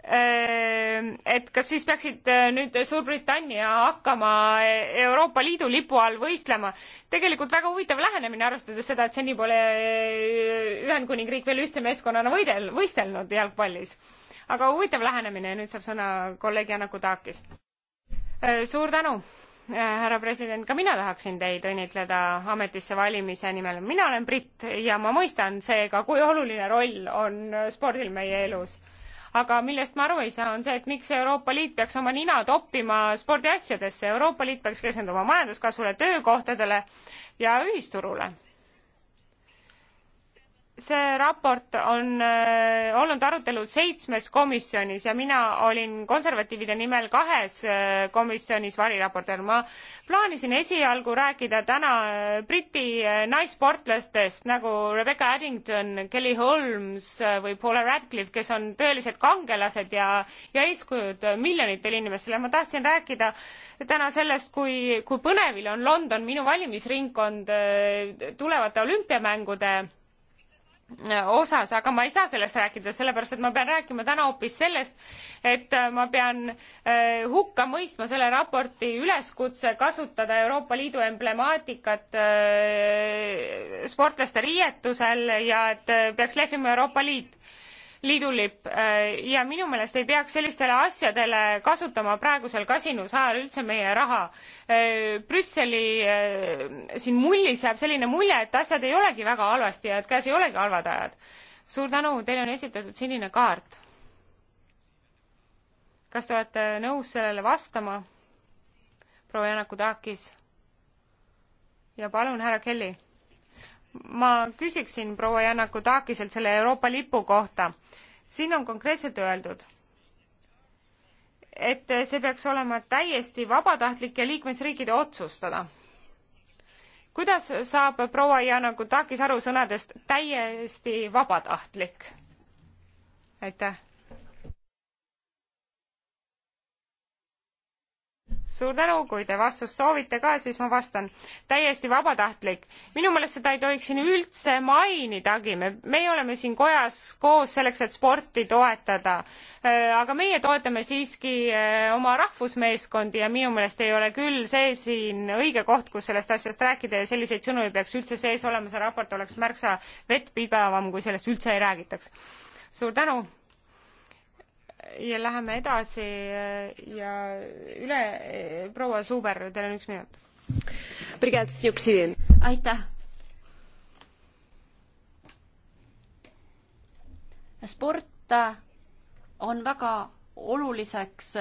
äh, et kas siis peaksid nüüd Suurbritannia hakkama Euroopa Liidu lipu all võistlema. tegelikult väga huvitav lähenemine, arvestades seda, et seni pole Ühendkuningriik veel ühtse meeskonnana võidel-, võistelnud jalgpallis aga huvitav lähenemine ja nüüd saab sõna kolleeg Janaku Taakis. Äh, suur tänu, äh, härra president, ka mina tahaksin teid õnnitleda ametisse valimise nimel. mina olen britt ja ma mõistan seega, kui oluline roll on äh, spordil meie elus aga millest ma aru ei saa, on see, et miks Euroopa Liit peaks oma nina toppima spordiasjadesse, Euroopa Liit peaks keskenduma majanduskasvule, töökohtadele ja ühisturule see raport on äh, olnud arutelul seitsmes komisjonis ja mina olin konservatiivide nimel kahes äh, komisjonis variraportöör. ma plaanisin esialgu rääkida täna äh, Briti äh, naissportlastest nagu Rebecca Addington, Kelly Holmes äh, või Paula Radcliffe, kes on tõelised kangelased ja, ja eeskujud miljonitele inimestele. ma tahtsin rääkida täna sellest, kui, kui põnevil on London, minu valimisringkond äh,, tulevate olümpiamängude osas, aga ma ei saa sellest rääkida, sellepärast et ma pean rääkima täna hoopis sellest, et äh, ma pean äh, hukka mõistma selle raporti üleskutse kasutada Euroopa Liidu emblemaatikat äh, sportlaste riietusel ja et peaks lehvima Euroopa Liit liidulipp äh, ja minu meelest ei peaks sellistele asjadele kasutama praegusel kasinuse ajal üldse meie raha. Äh, Brüsseli äh, siin mullis jääb selline mulje, et asjad ei olegi väga halvasti ja et käes ei olegi halvad ajad. suur tänu, teile on esitatud sinine kaart. kas te olete nõus sellele vastama, proua Janaku Taakis? ja palun, härra Kelly ma küsiksin proua Janaku Taakiselt selle Euroopa lipu kohta. siin on konkreetselt öeldud, et see peaks olema täiesti vabatahtlik ja liikmesriikide otsustada. kuidas saab proua Janaku Taakis aru sõnadest täiesti vabatahtlik? aitäh suur tänu, kui te vastust soovite ka, siis ma vastan. täiesti vabatahtlik. minu meelest seda ei tohiks siin üldse mainidagi, me, meie oleme siin kojas koos selleks, et sporti toetada. Äh, aga meie toetame siiski äh, oma rahvusmeeskondi ja minu meelest ei ole küll see siin õige koht, kus sellest asjast rääkida ja selliseid sõnu ei peaks üldse sees olema, see raport oleks märksa vettpidavam, kui sellest üldse ei räägitaks. suur tänu ja läheme edasi äh, ja üle, äh, proua Suuber, teil on üks minut. aitäh. sport äh, on väga oluliseks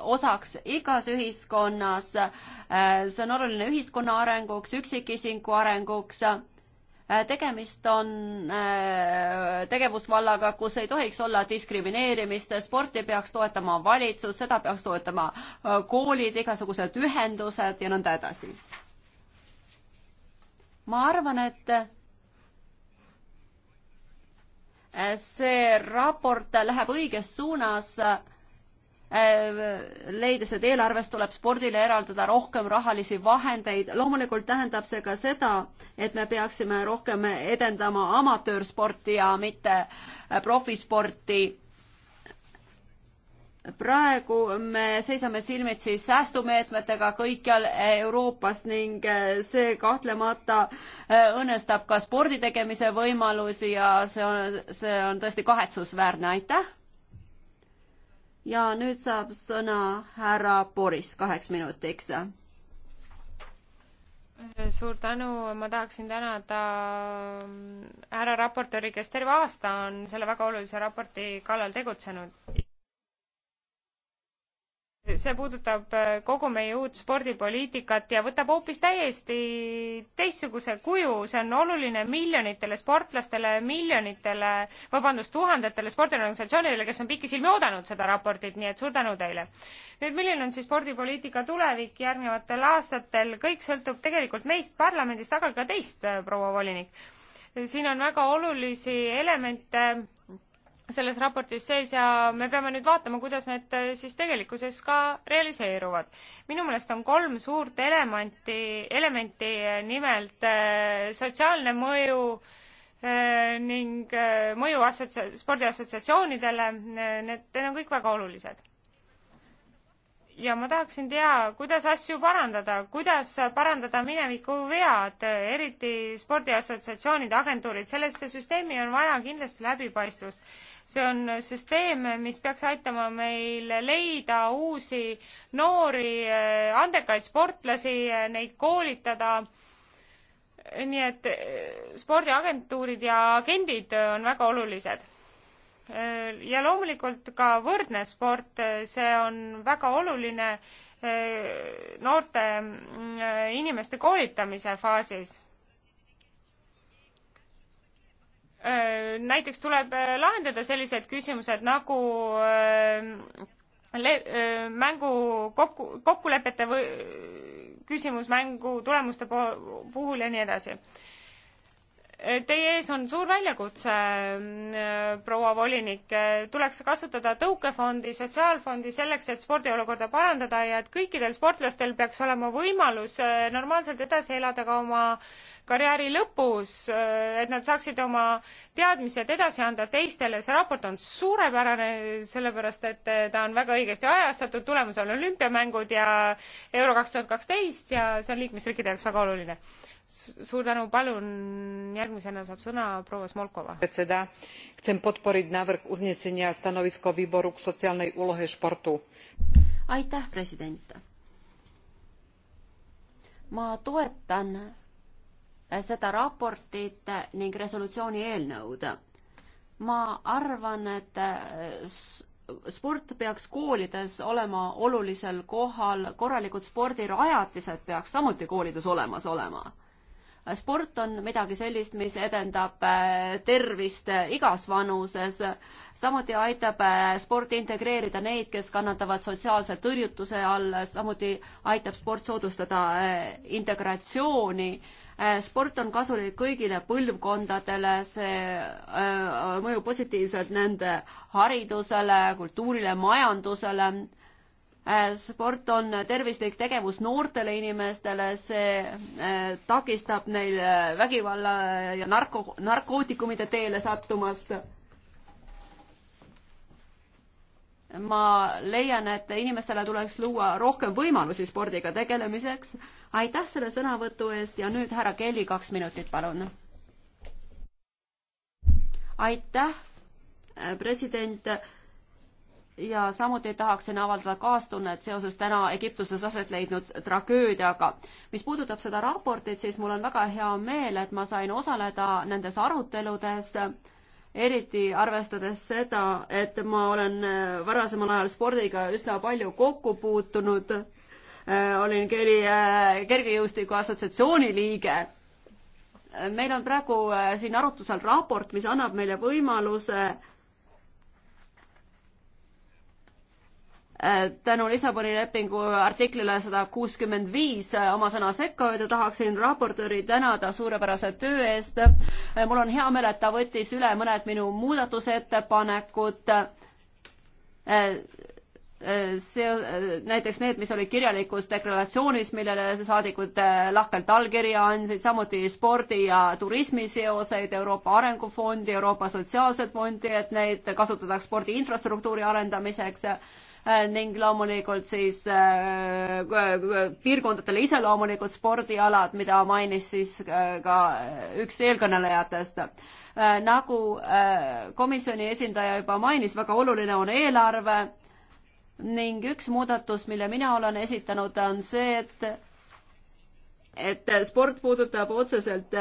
osaks igas ühiskonnas, see on oluline ühiskonna arenguks, üksikisiku arenguks Äh, tegemist on äh, tegevusvallaga, kus ei tohiks olla diskrimineerimist, sporti peaks toetama valitsus, seda peaks toetama äh, koolid, igasugused ühendused ja nõnda edasi. ma arvan, et see raport läheb õiges suunas Äh, leides, et eelarves tuleb spordile eraldada rohkem rahalisi vahendeid. loomulikult tähendab see ka seda, et me peaksime rohkem edendama amatöörsporti ja mitte äh, profisporti praegu me seisame silmitsi säästumeetmetega kõikjal Euroopas ning äh, see kahtlemata õnnestab ka spordi tegemise võimalusi ja see on, see on tõesti kahetsusväärne, aitäh ja nüüd saab sõna härra Boris kaheks minutiks. suur tänu, ma tahaksin tänada mm, härra raportööri, kes terve aasta on selle väga olulise raporti kallal tegutsenud see puudutab äh, kogu meie uut spordipoliitikat ja võtab hoopis täiesti teistsuguse kuju, see on oluline miljonitele sportlastele, miljonitele, vabandust, tuhandetele spordiorganisatsioonidele, kes on pikisilmi oodanud seda raportit, nii et suur tänu teile. nüüd, milline on siis spordipoliitika tulevik järgnevatel aastatel, kõik sõltub tegelikult meist parlamendist, aga ka teist, äh, proua volinik. siin on väga olulisi elemente selles raportis sees ja me peame nüüd vaatama, kuidas need äh, siis tegelikkuses ka realiseeruvad. minu meelest on kolm suurt elementi, elementi, äh, nimelt äh, sotsiaalne mõju ning mõju assotsia-, spordiassotsiatsioonidele, need, need on kõik väga olulised ja ma tahaksin teada, kuidas asju parandada, kuidas parandada mineviku vead, eriti spordiassotsiatsioonid, agentuurid, sellesse süsteemi on vaja kindlasti läbipaistvust. see on süsteem, mis peaks aitama meil leida uusi noori eh, andekaid sportlasi, eh, neid koolitada. nii et eh, spordiagentuurid ja agendid on väga olulised Äh, ja loomulikult ka võrdne sport, äh, see on väga oluline äh, noorte inimeste koolitamise faasis. näiteks tuleb lahendada sellised küsimused nagu le-, mängu kokku, kokkulepete või küsimus mängu tulemuste puhul ja nii edasi Teie ees on suur väljakutse, äh, proua volinik, tuleks kasutada tõukefondi, sotsiaalfondi selleks, et spordiolukorda parandada ja et kõikidel sportlastel peaks olema võimalus äh, normaalselt edasi elada ka oma karjääri lõpus, äh, et nad saaksid oma teadmised edasi anda teistele, see raport on suurepärane, sellepärast et ta on väga õigesti ajastatud, tulemas on olümpiamängud ja Euro kaks tuhat kaksteist ja see on liikmesriikide jaoks väga oluline suur tänu, palun järgmisena saab sõna proua Smolkova. chcem podporiť návrh uznesenia stanovisko výboru k sociálnej úlohe športu. aitäh, president. ma toetan seda raportit ning resolutsiooni eelnõud. ma arvan, et sport peaks koolides olema olulisel kohal, korralikud spordirajatised peaks samuti koolides olemas olema sport on midagi sellist, mis edendab äh, tervist äh, igas vanuses. samuti aitab äh, sport integreerida neid, kes kannatavad sotsiaalse tõrjutuse all, samuti aitab sport soodustada integratsiooni. sport on kasulik kõigile põlvkondadele, see mõjub positiivselt nende haridusele, kultuurile, majandusele Äh, sport on tervislik tegevus noortele inimestele, see äh, takistab neil äh, vägivalla ja narko, narkootikumide teele sattumast. ma leian, et inimestele tuleks luua rohkem võimalusi spordiga tegelemiseks. aitäh selle sõnavõtu eest ja nüüd härra Kelly, kaks minutit, palun. aitäh, president ja samuti tahaksin avaldada kaastunnet seoses täna Egiptuses aset leidnud tragöödiaga. mis puudutab seda raportit, siis mul on väga hea meel, et ma sain osaleda nendes aruteludes, eriti arvestades seda, et ma olen äh, varasemal ajal spordiga üsna palju kokku puutunud, äh, olin keri, äh, kergejõustiku assotsiatsiooni liige meil on praegu siin arutusel raport, mis annab meile võimaluse äh, Äh, tänu Lissaboni lepingu artiklile sada kuuskümmend viis äh, oma sõna sekka öelda, tahaksin raportööri tänada suurepärase töö eest. Äh, mul on hea meel, et ta võttis üle mõned minu muudatusettepanekud Äh, see, äh, näiteks need, mis olid kirjalikus deklaratsioonis, millele saadikud äh, lahkelt allkirja andsid, samuti spordi ja turismi seoseid, Euroopa Arengufondi, Euroopa Sotsiaalset Fondi, et neid kasutataks spordi infrastruktuuri arendamiseks ning loomulikult siis piirkondadele iseloomulikud spordialad, mida mainis siis ka üks eelkõnelejatest. nagu komisjoni esindaja juba mainis, väga oluline on eelarve ning üks muudatus, mille mina olen esitanud, on see, et et sport puudutab otseselt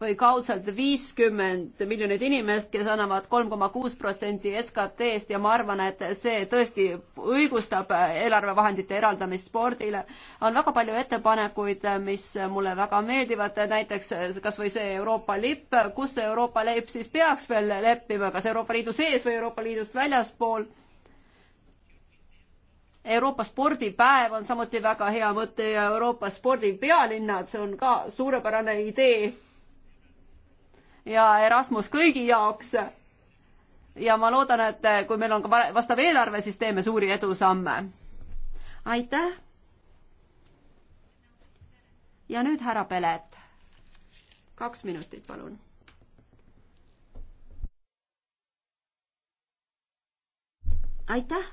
või kaudselt viiskümmend miljonit inimest, kes annavad kolm koma kuus protsenti SKT-st ja ma arvan, et see tõesti õigustab eelarvevahendite eraldamist spordile. on väga palju ettepanekuid, mis mulle väga meeldivad, näiteks kas või see Euroopa lipp, kus see Euroopa lipp siis peaks veel leppima, kas Euroopa Liidu sees või Euroopa Liidust väljaspool Euroopa spordipäev on samuti väga hea mõte ja Euroopa spordipealinnad, see on ka suurepärane idee. ja Erasmus kõigi jaoks. ja ma loodan, et kui meil on ka vastav eelarve, siis teeme suuri edusamme. aitäh. ja nüüd härra Pelet. kaks minutit, palun aitäh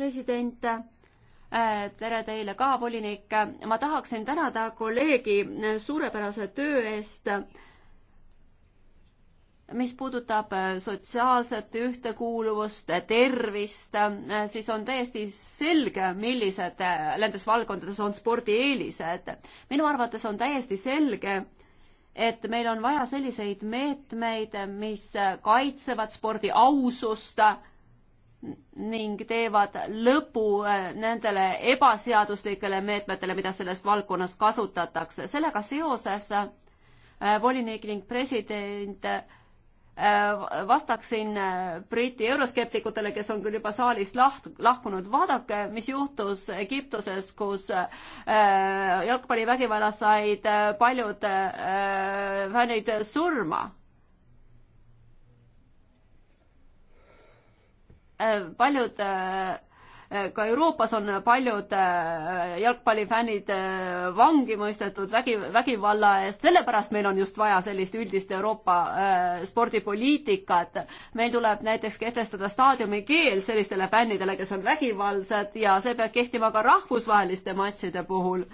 president äh, tere teile ka, volinik. ma tahaksin tänada kolleegi suurepärase töö eest, mis puudutab sotsiaalset ühtekuuluvust, tervist, siis on täiesti selge, millised nendes valdkondades on spordi eelised. minu arvates on täiesti selge, et meil on vaja selliseid meetmeid, mis kaitsevad spordi ausust ning teevad lõpu äh, nendele ebaseaduslikele meetmetele, mida selles valdkonnas kasutatakse. sellega seoses äh, volinik ning president äh, vastaksin Briti euroskeptikutele, kes on küll juba saalist laht-, lahkunud, vaadake, mis juhtus Egiptuses, kus jalgpallivägivalla said paljud fännid surma Äh, paljud äh, ka Euroopas on paljud äh, jalgpallifännid äh, vangi mõistetud vägi, vägivalla eest, sellepärast meil on just vaja sellist üldist Euroopa äh, spordipoliitikat. meil tuleb näiteks kehtestada staadiumi keel sellistele fännidele, kes on vägivaldsed ja see peab kehtima ka rahvusvaheliste matšide puhul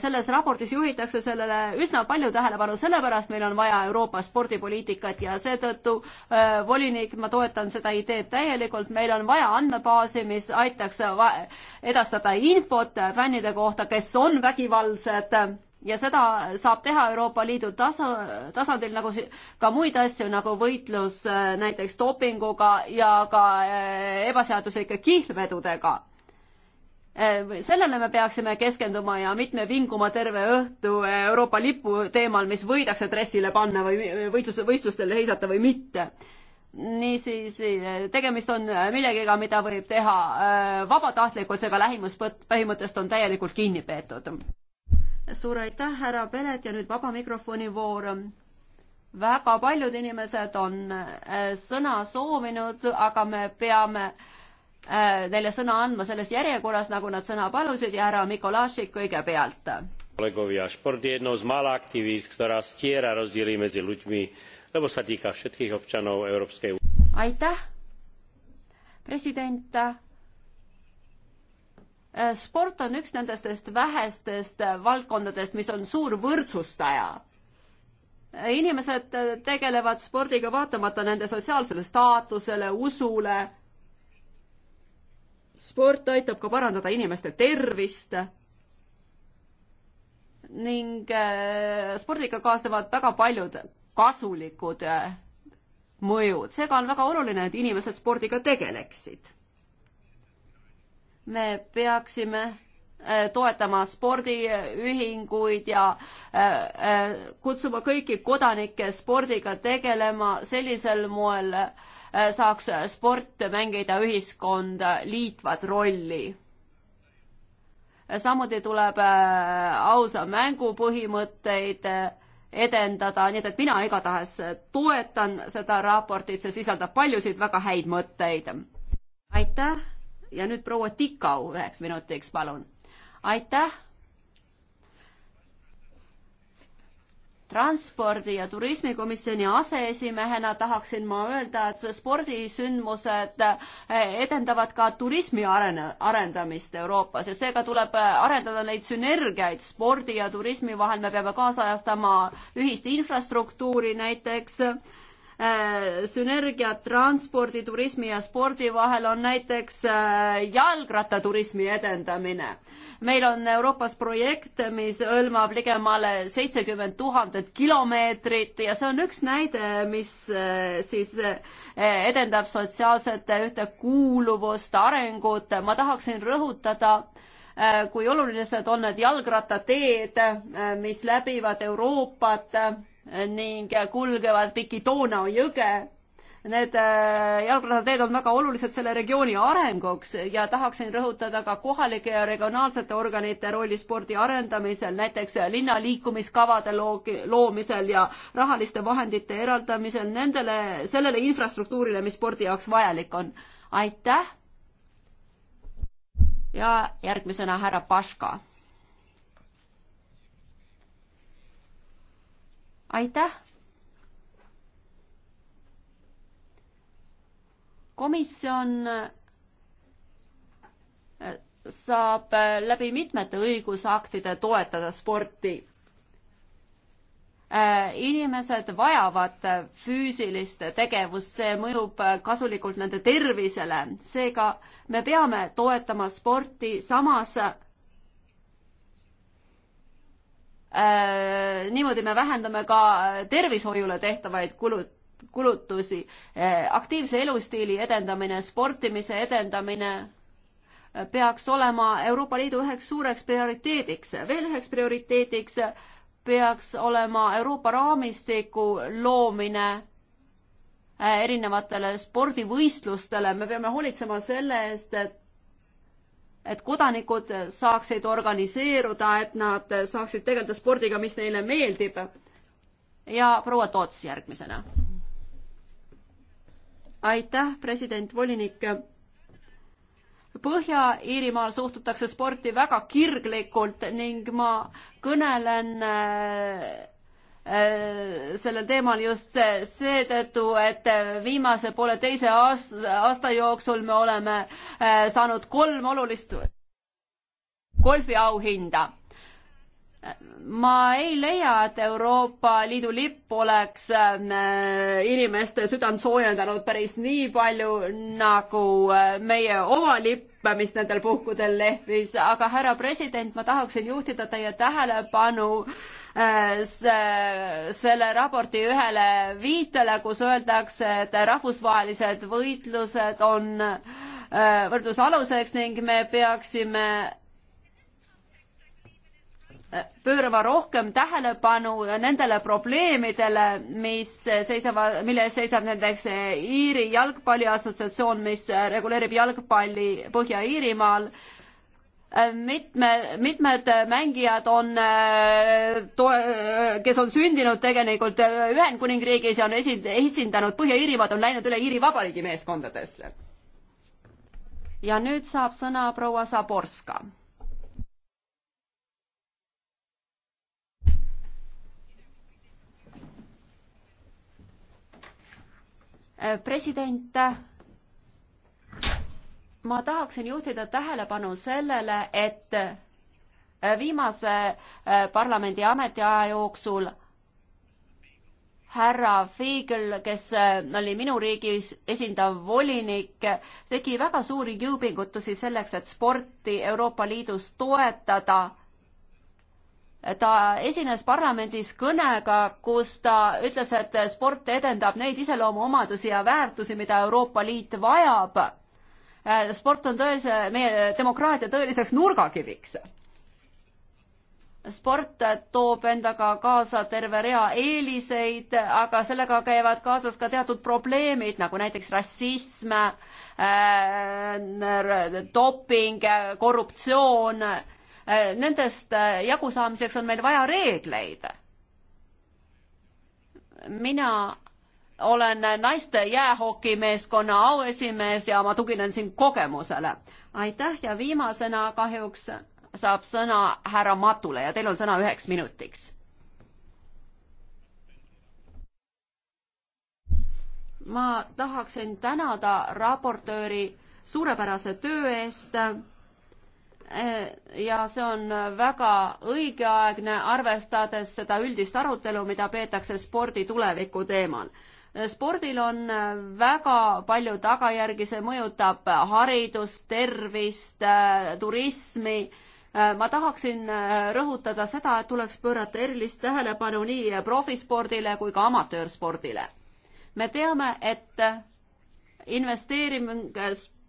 selles raportis juhitakse sellele üsna palju tähelepanu, sellepärast meil on vaja Euroopa spordipoliitikat ja seetõttu äh, volinik, ma toetan seda ideed täielikult, meil on vaja andmebaasi, mis aitab aitaks edastada infot fännide kohta, kes on vägivaldsed ja seda saab teha Euroopa Liidu tasa, tasandil nagu ka muid asju, nagu võitlus äh, näiteks dopinguga ja ka äh, ebaseaduslike kihlvedudega äh, sellele me peaksime keskenduma ja mitme vinguma terve õhtu Euroopa lipu teemal, mis võidakse dressile panna või võitluse, võistlustel heisata või mitte niisiis, tegemist on millegagi, mida võib teha äh, vabatahtlikult, seega lähimuspõhimõttest on täielikult kinni peetud. suur aitäh, härra Pelet ja nüüd vaba mikrofoni voor. väga paljud inimesed on äh, sõna soovinud, aga me peame äh, neile sõna andma selles järjekorras, nagu nad sõna palusid ja härra Mikolašik kõigepealt. kolleegovia, sport on üks mala aktivist, mis stiera rozdiili medzi ľuďmi lebo sa týka všetkých občanov Európskej únie. Aitäh, president. Eh, sport on üks nendest vähestest valdkondadest, mis on suur võrdsustaja eh, inimesed eh, tegelevad spordiga vaatamata nende sotsiaalsele staatusele, usule. sport aitab ka parandada inimeste tervist. ning spordiga kaasnevad väga paljud kasulikud äh, mõjud, seega on väga oluline, et inimesed spordiga tegeleksid. me peaksime äh, toetama spordiühinguid ja äh, kutsuma kõiki kodanikke spordiga tegelema, sellisel moel saaks sport mängida ühiskonda liitvat rolli samuti tuleb ausa mängu põhimõtteid edendada, nii et, et mina igatahes toetan seda raportit, see sisaldab paljusid väga häid mõtteid. aitäh ja nüüd proua Tikau üheks minutiks, palun. aitäh transpordi- ja turismikomisjoni aseesimehena tahaksin ma öelda, et spordisündmused eh, edendavad ka turismi arene-, arendamist Euroopas ja seega tuleb eh, arendada neid sünergiaid spordi ja turismi vahel, me peame kaasajastama ühist infrastruktuuri näiteks Äh, sünergia transpordi, turismi ja spordi vahel on näiteks äh, jalgrattaturismi edendamine. meil on Euroopas projekt, mis hõlmab ligemale seitsekümmend tuhandet kilomeetrit ja see on üks näide, mis äh, siis edendab sotsiaalset ühtekuuluvust, arengut. ma tahaksin rõhutada, kui olulised on need jalgrattateed, mis läbivad Euroopat ning kulgevad piki Donau jõge. Need äh, jalgrattateed on väga olulised selle regiooni arenguks ja tahaksin rõhutada ka kohalike ja regionaalsete organite rolli spordi arendamisel, näiteks linna liikumiskavade loomisel ja rahaliste vahendite eraldamisel nendele, sellele infrastruktuurile, mis spordi jaoks vajalik on. aitäh! ja järgmisena härra Paška aitäh. komisjon äh, saab äh, läbi mitmete õigusaktide toetada sporti. Äh, inimesed vajavad füüsilist tegevust, see mõjub kasulikult nende tervisele, seega me peame toetama sporti, samas Äh, niimoodi me vähendame ka äh, tervishoiule tehtavaid kulut-, kulutusi. Äh, aktiivse elustiili edendamine, sportimise edendamine peaks olema Euroopa Liidu üheks suureks prioriteediks. veel üheks prioriteediks peaks olema Euroopa raamistiku loomine erinevatele spordivõistlustele. me peame hoolitsema selle eest, et et kodanikud saaksid organiseeruda, et nad saaksid tegeleda spordiga, mis neile meeldib. ja proua Toots järgmisena. aitäh, president, volinik. Põhja-Iirimaal suhtutakse sporti väga kirglikult ning ma kõnelen äh, Äh, sellel teemal just seetõttu, et viimase pooleteise aasta jooksul me oleme äh, saanud kolm olulist golfiauhinda ma ei leia, et Euroopa Liidu lipp oleks ähm, äh, inimeste südant soojendanud päris nii palju nagu äh, meie oma lipp, mis nendel puhkudel lehvis, aga härra president, ma tahaksin juhtida teie tähelepanu äh, selle raporti ühele viitele, kus öeldakse, et rahvusvahelised võitlused on võrdlusaluseks ning me peaksime pöörama rohkem tähelepanu nendele probleemidele, mis seisavad, mille ees seisab näiteks Iiri jalgpalli assotsiatsioon, mis reguleerib jalgpalli Põhja-Iirimaal mitme, mitmed mängijad on, kes on sündinud tegelikult Ühendkuningriigis ja on esind-, esindanud Põhja-Iirimaad, on läinud üle Iiri Vabariigi meeskondadesse. ja nüüd saab sõna proua Zaborska Äh, president, ma tahaksin juhtida tähelepanu sellele, et äh, viimase äh, parlamendi ametiaja jooksul härra Fiegel, kes oli minu riigis esindav volinik, tegi väga suuri jõupingutusi selleks, et sporti Euroopa Liidus toetada ta esines parlamendis kõnega, kus ta ütles, et sport edendab neid iseloomuomadusi ja väärtusi, mida Euroopa Liit vajab. Äh, sport on tõelise, meie demokraatia tõeliseks nurgakiviks. sport toob endaga kaasa terve rea eeliseid, aga sellega käivad kaasas ka teatud probleemid, nagu näiteks rassism äh,, doping, korruptsioon Äh, nendest äh, jagusaamiseks on meil vaja reegleid. mina olen naiste jäähokimeeskonna auesimees ja ma tuginen siin kogemusele. aitäh ja viimasena kahjuks saab sõna härra Matule ja teil on sõna üheks minutiks. ma tahaksin tänada raportööri suurepärase töö eest ja see on väga õigeaegne, arvestades seda üldist arutelu, mida peetakse spordi tuleviku teemal. spordil on väga palju tagajärgi, see mõjutab haridust, tervist, turismi. ma tahaksin rõhutada seda, et tuleks pöörata erilist tähelepanu nii profispordile kui ka amatöörspordile. me teame, et investeering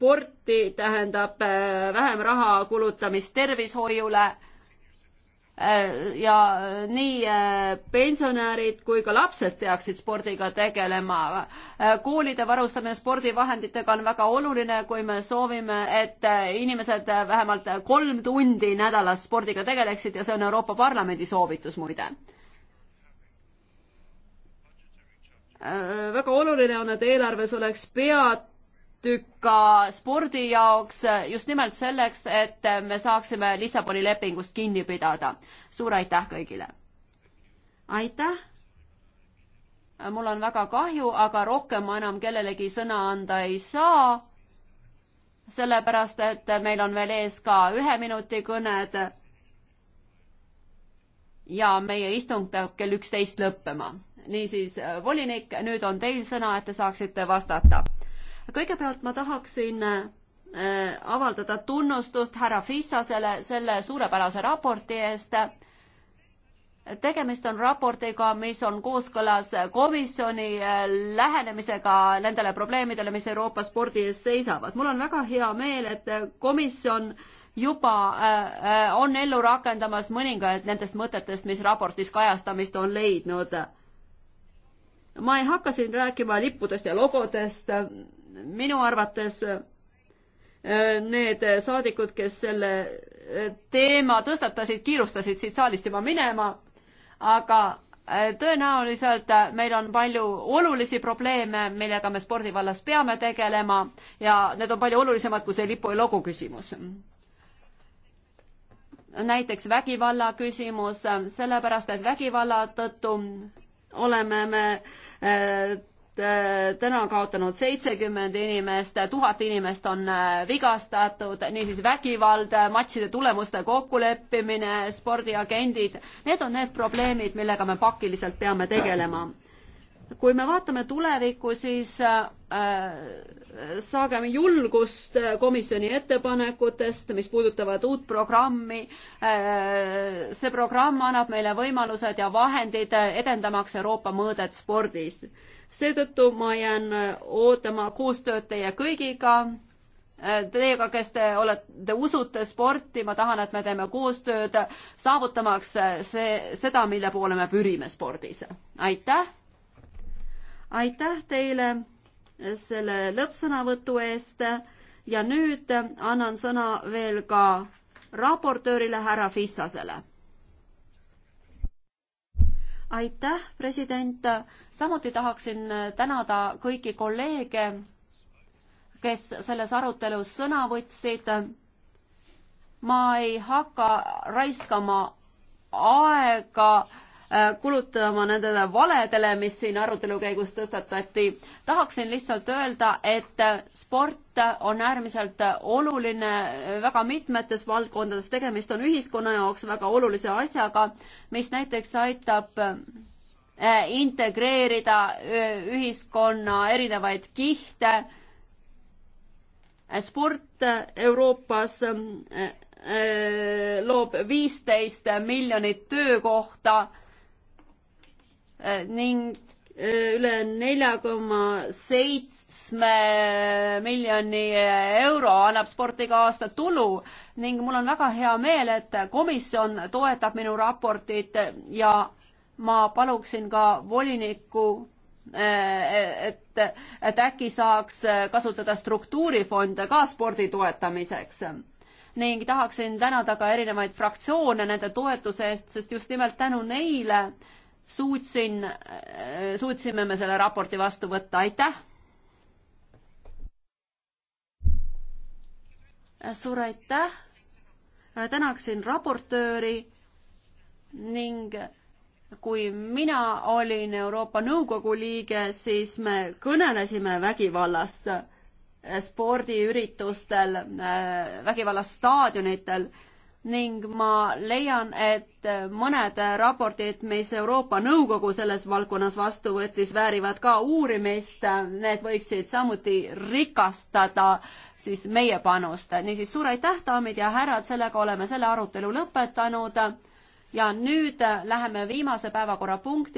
sporti, tähendab äh, vähem raha kulutamist tervishoiule äh, ja äh, nii pensionärid kui ka lapsed peaksid spordiga tegelema. koolide varustamine spordivahenditega on väga oluline, kui me soovime, et inimesed vähemalt kolm tundi nädalas spordiga tegeleksid ja see on Euroopa Parlamendi soovitus muide. väga oluline on, et eelarves oleks pead tükka spordi jaoks, just nimelt selleks, et me saaksime Lissaboni lepingust kinni pidada. suur aitäh kõigile! aitäh! mul on väga kahju, aga rohkem ma enam kellelegi sõna anda ei saa, sellepärast et meil on veel ees ka ühe minuti kõned ja meie istung peab kell üksteist lõppema. niisiis, volinik, nüüd on teil sõna, et te saaksite vastata kõigepealt ma tahaksin äh, avaldada tunnustust härra Fissasele selle suurepärase raporti eest. tegemist on raportiga, mis on kooskõlas komisjoni äh, lähenemisega nendele probleemidele, mis Euroopa spordi ees seisavad. mul on väga hea meel, et komisjon juba äh, on ellu rakendamas mõningaid nendest mõtetest, mis raportis kajastamist on leidnud ma ei hakka siin rääkima lippudest ja logodest, minu arvates äh, need saadikud, kes selle äh, teema tõstatasid, kiirustasid siit saalist juba minema, aga äh, tõenäoliselt meil on palju olulisi probleeme, millega me spordivallas peame tegelema ja need on palju olulisemad kui see lipu ja logu küsimus. näiteks vägivalla küsimus, sellepärast et vägivalla tõttu oleme me Äh, täna on kaotanud seitsekümmend inimest, tuhat inimest on äh, vigastatud, niisiis vägivald, matšide tulemuste kokkuleppimine, spordiagendid, need on need probleemid, millega me pakiliselt peame tegelema. kui me vaatame tulevikku, siis äh, saagem julgust äh, komisjoni ettepanekutest, mis puudutavad uut programmi äh,. see programm annab meile võimalused ja vahendid edendamaks Euroopa mõõdet spordis seetõttu ma jään äh, ootama koostööd teie kõigiga, äh, teiega, kes te olete, usute sporti, ma tahan, et me teeme koostööd, äh, saavutamaks see, seda, mille poole me pürime spordis. aitäh! aitäh teile selle lõppsõnavõtu eest ja nüüd annan sõna veel ka raportöörile härra Fissasele aitäh, president, samuti tahaksin tänada kõiki kolleege, kes selles arutelus sõna võtsid. ma ei hakka raiskama aega äh, Äh, kulutama nendele valedele, mis siin arutelu käigus tõstatati. tahaksin lihtsalt öelda, et äh, sport on äärmiselt oluline väga mitmetes valdkondades, tegemist on ühiskonna jaoks väga olulise asjaga, mis näiteks aitab äh, integreerida ühiskonna erinevaid kihte. sport Euroopas loob viisteist miljonit töökohta Äh, ning äh, üle nelja koma seitsme miljoni euro annab sport iga aasta tulu ning mul on väga hea meel, et komisjon toetab minu raportit ja ma paluksin ka volinikku äh, et, et äkki saaks kasutada struktuurifonde ka spordi toetamiseks. ning tahaksin tänada ka erinevaid fraktsioone nende toetuse eest, sest just nimelt tänu neile äh, suutsin, suutsime me selle raporti vastu võtta, aitäh! suur aitäh! tänaksin raportööri ning kui mina olin Euroopa Nõukogu liige, siis me kõnelesime vägivallast spordiüritustel, vägivallast staadionitel ning ma leian, et mõned raportid, mis Euroopa Nõukogu selles valdkonnas vastu võttis, väärivad ka uurimist, need võiksid samuti rikastada siis meie panust. niisiis, suur aitäh, daamid ja härrad, sellega oleme selle arutelu lõpetanud ja nüüd läheme viimase päevakorrapunkti